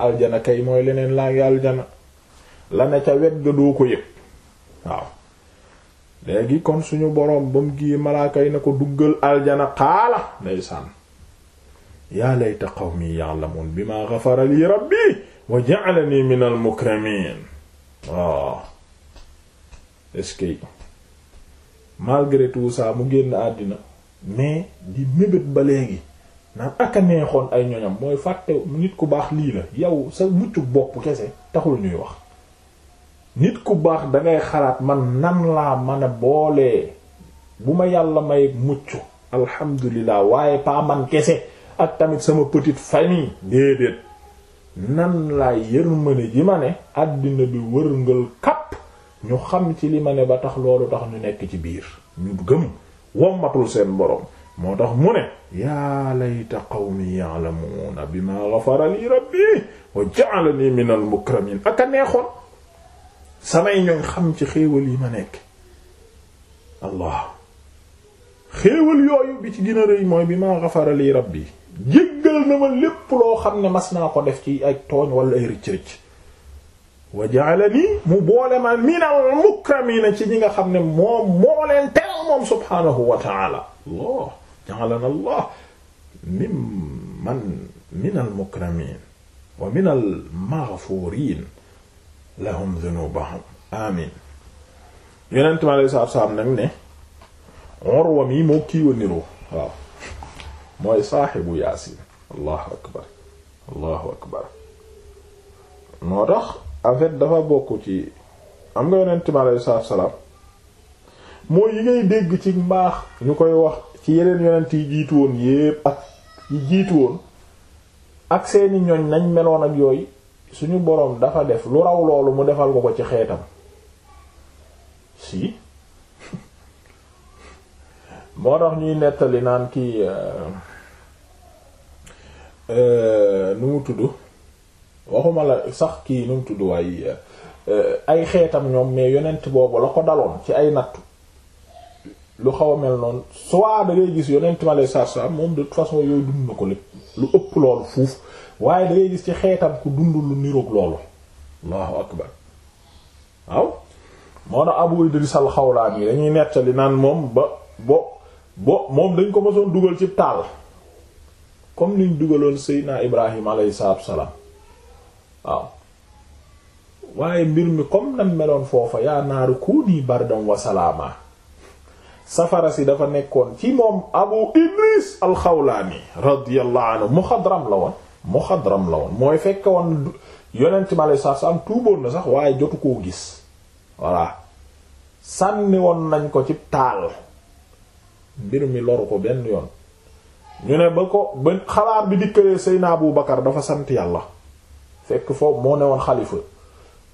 Speaker 1: aljana kay mooy leneen laa ngi aljana la ne ca wet ga doo ko yëg waaw léegi kon suñu boroom ba mu gi malaaka yi ko duggal aljana xaala ndeysaan yaa layta qawmi ya'lamun bima ghafara li rabbi wa ja'alani minal mukramin waaw est-ce que malgré tout ça mu génn àddina mais di mébét ba léegi naan ak a neexoon ay ñoñam mooy fàtte nit ku baax lii la yow sa muccu bopp kese taxul ñuy wax nit ku baax dangay xalaat man nan laa mën boolee bu ma yàlla may mucc alhamdulilah waaye pas man kese ak tamit sama petite famille déedéet nan ma yërmande ji ma ne àddina bi wërngal kàpp ñu xam ci li ma ne ba tax loolu tax ñu nekk ci biir ñu gëm wommatul seen borom moo tax mu ne yaa layta qawmi ya'lamuuna bima ghafara li rabbi wa ja'alani minal mukramin ak a neexoon samay ñooy xam ci xéewal yi ma nekk allah xéewal yooyu bi ci gën a rëy mooy bi ma xafara li rabbi jéggal na ma lépp loo xam ne mas naa ko def ci ay tooñ wala ay rëcc rëcc wa ja'alani mu boole ma minal mukramina ci ñi nga xam ne moom moo leen teral moom subhaanahu wa ta'ala allah ja'alana allah mimman minal wa minal maghfurin lahum dhunubahum amin yonent mi alei saatu salaam nag ne Urwa mi moo kiiwa niroo waaw mooy saaxibu yaasin allahu akbar allahu akbar moo tax en dafa bokk ci am nga yonent mi alei saatu salaam mooy yi ngay dégg ci mbaax ñu koy wax ci yeneen yonent yi jiitu woon yépp ak yi jiitu woon ak seeni ñoñ nañ meloon ak yooyu suñu boroom dafa def lu raw loolu mu defal ko ko ci xeetam si moo tax ñuy nettali naan kii euh, euh, nu mu tudd waxuma la sax kii nu mu tudd waaye euh, ay xeetam ñoom mais yonent boobu la ko daloon ci ay nattu lu xaw a mel noonu soit da ngay gis yonent ma lay saar moom de toute façon yooyu dund na ko lu ëpp loolu fuuf waaye da gis ci xeetam ku dund lu niroog loolu allahu akbar waaw moo na Abu Idris al-Xawlaani dañuy nettali naan moom ba bo bo moom dañ ko mosoon dugal ci taal comme niñ dugaloon Seydina Ibrahim alayhi salaatu salaam waaw waaye mbir mi comme nam meloon foofa yaa naaru kuunii bardan wa salaama safara si dafa nekkoon ci moom Abu Idris al-Xawlaani radiyallahu anhu muxadram la woon mu muxadram la woon mooy fekk woon yonent mi aleyhi salaatu salaam tuuboon na sax waaye jotu koo gis voilà sànni woon nañ ko ci taal mbir mi loru ko benn yoon ñu ne ba ko ba xabaar bi dikkalee Seyna Abu Bakar dafa sant yàlla fekk foofu moo ne woon xalifa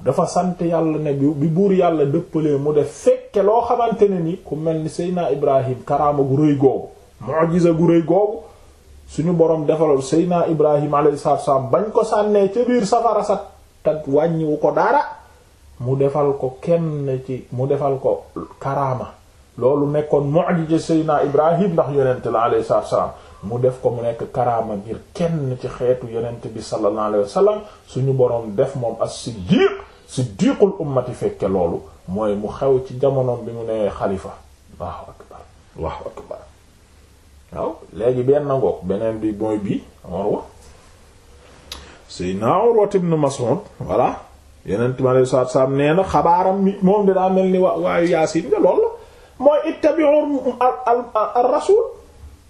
Speaker 1: dafa sant yàlla ne bi buur yàlla dëppalee mu def fekke loo xamante ne ni ku mel ni Seyna Ibrahim karaama gu rëy googu mu'jiza gu rëy googu suñu borom defalol seydna ibrahim alayhi salaatu salaam bañ ko sànnee ca biir safara sat te wàññiwu ko dara mu defal ko kenn ci mu defal ko karaama loolu nekkoon mu'jiza seydna ibrahim ndax yonent la alayhi salaatu salaam mu def ko mu nekk karaama ngir kenn ci xeetu yonent bi sallallahu alayhi wa suñu borom def moom as-siddiq siddiqul ummati fekke loolu mooy mu xew ci jamonoom bi mu nee xalifa allahu akbar allahu akbar waaw léegi benn ngoog beneen bi mooy bii Urwa Seydina Urwa ibn Mas'ud voilà yeneen time alay saat saam nee na xabaaram moom dinaa mel ni waa waayu Yaasin nga lool la mooy ittabi'u al rasul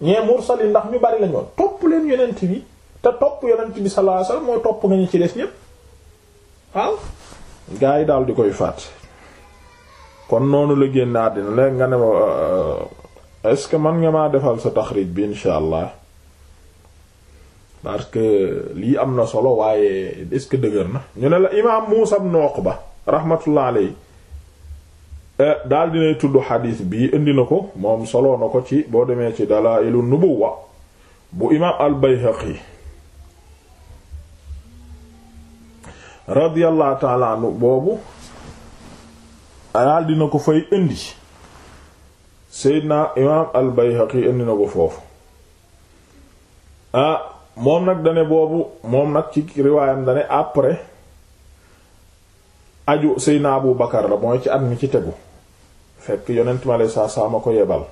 Speaker 1: ñee mursalin ndax ñu bari lañoon topp leen yonent bi te topp yonent bi salaa alayhi wasallam mooy topp nga ñu ci des ñépp waaw gaa yi daal di koy faat kon noonu la génn àddina léegi nga ne ma euh, est-ce que man nga maa defal sa taxrij bi insha allah parce que lii am na solo waaye est-ce dëgër na ñu ne la imaam Muusa ibn Uqba rahmatullah alayhi eh, daal dinay tudd xadiis bii indi na ko moom soloo na ko ci boo demee ci Dalaa'ilu Nubuwwa bu imaam al-Bayhaqi radiyallahu ta'ala anhu boobu daal dina ko fay indi seydna imaam al bayhaqi indi na ko foofu ah moom nag dane boobu moom nag ci riwaayam dane après aju seydna abu bakar la mooy ci at mi ci tegu fekk yonent ma lay saa saa ko yebal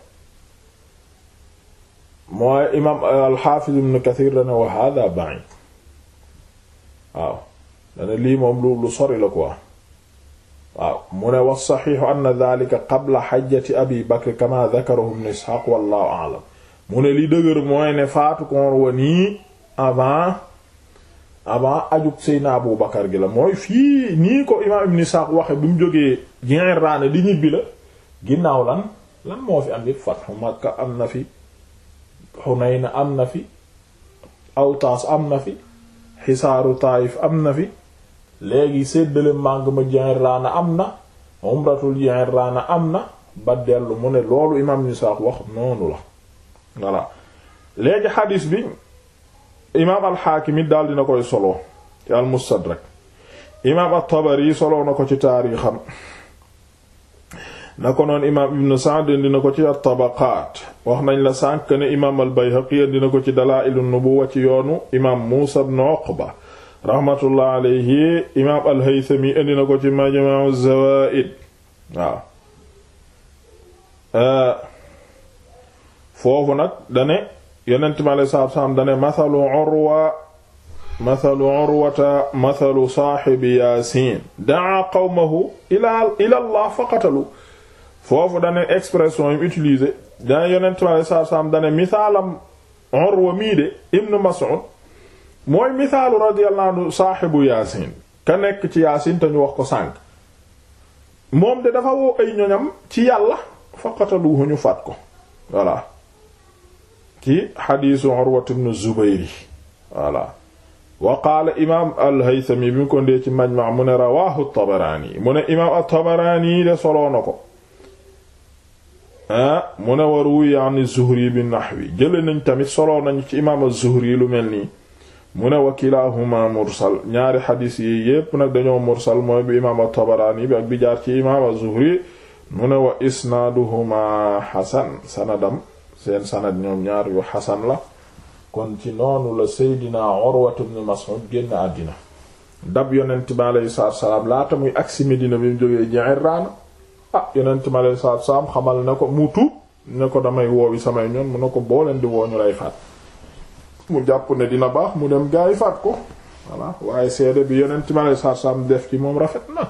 Speaker 1: mooy imaam euh, alxaafiz ibn kathir dane wa hada ba'id waaw dane lii moom lu lu sori la quoi waaw mu ne wa saxiixu anna daalika qabla xajjati abi bakr kama dakarahu ibn isxaaq wallahu a'lam mu ne li dëgër mooy ne faatu koor wa nii avant avant ajug seyna bakar gi la mooy fii nii ko imaam ibn isxaaq waxe bi mu jógee Ji'irraana di ñibbi la ginnaaw lan lan moo fi am yépp fatxu Makka am na fi Xunayna am na fi Awtaas am na fi xisaaru Taayif am na fi léegi séddale màng ma Ji'irraana am na umratul Ji'irraana am na ba dellu mu ne loolu imaam ni wax noonu la voilà léegi xadiis bi imaam al-Xaakim it daal dina koy solo ci al-Mustadrak imaam at-Tabari solo na ko ci taariixam na ko noon imaam Ibn Sa'd dina ko ci at wax nañ la sànk ne imaam al dina ko ci Dalaa'ilun Nubuwwa ci yoonu imaam Muusaa ibn Uqba rahmatullah alayhi imaam al-Haythami indi na ko ci Majma'u az-Zawaa'id waaw euh, foofu nag dane yonent mi alayhi salaatu salaam dane mathalu Urwa mathalu Urwata mathalu saahibi Yaasiin da'a qawmahu ila ila Allah faqatalu foofu dane expression yi mu utilisé dane yonent mi alayhi salaatu salaam dane misaalam Urwa mii de Ibn Mas'ud mooy misaalu radiyallahu anhu saaxibu yaasin ka nekk ci yaasin te wax ko sànq moom de dafa woo ay ñoñam ci yàlla faqataluhu ñu faat ko ci xadiisu Urwa ibn Zubayr voilà wa qaala imaam al-Haythami bi ko ndee ci Majma' mu ne rawaahu at-Tabarani mu ne imaam at-Tabarani de soloo ko ah, mu ne war wuy an az-Zuhri bi nahwi jële nañ tamit soloo nañ ci imaam az-Zuhri lu mel nii mu ne wa kilahuma mursal ñaari xadis yi yépp nag dañoo mursal mooy bi imaam at-Tabarani bi ak bi jaar ci imaam az-Zuhri mu ne wa isnaaduhuma xasan sanadam seen sanad ñoom ñaar yu xasan la kon ci noonu la seydina Urwatu ibn Mas'ud génn àddina dab yonent bi aleyhi salaatu salaam laata muy agsi Medina bi mu jógee Ji'irraana ah yonent bi aleyhi salaatu salaam xamal ne ko mu tuub ne ko damay woowi samay ñoon mu ne ko boo di woo lay faat mu jàpp ne dina baax mu dem gaa faat ko waaye seede bi yeneen ci ma lay sarsam def moom rafet na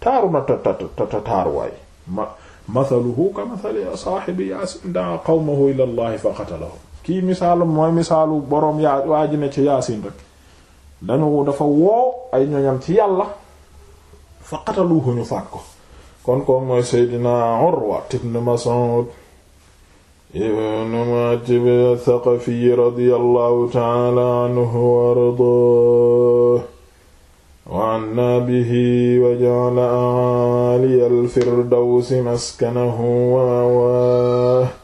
Speaker 1: taaru na ta ta ta taaruwaay ma mathaluhu ka mathali saahibi yaasin daa qawmahu ila fa qatalahu kii misaalu mooy misaalu boroom yaa waa ji ci yaasin rek dafa woo ay ci yàlla fa qataluhu ñu faat ko kon kon mooy seydina Urwa ibn Mas'ud ibn Mu'attib as-Saqafi radiyallahu ta'ala anhu wa ardaahu wa anna bihi wa ja'ala a'aaliya al-firdawsi maskanahu wa ma'waahu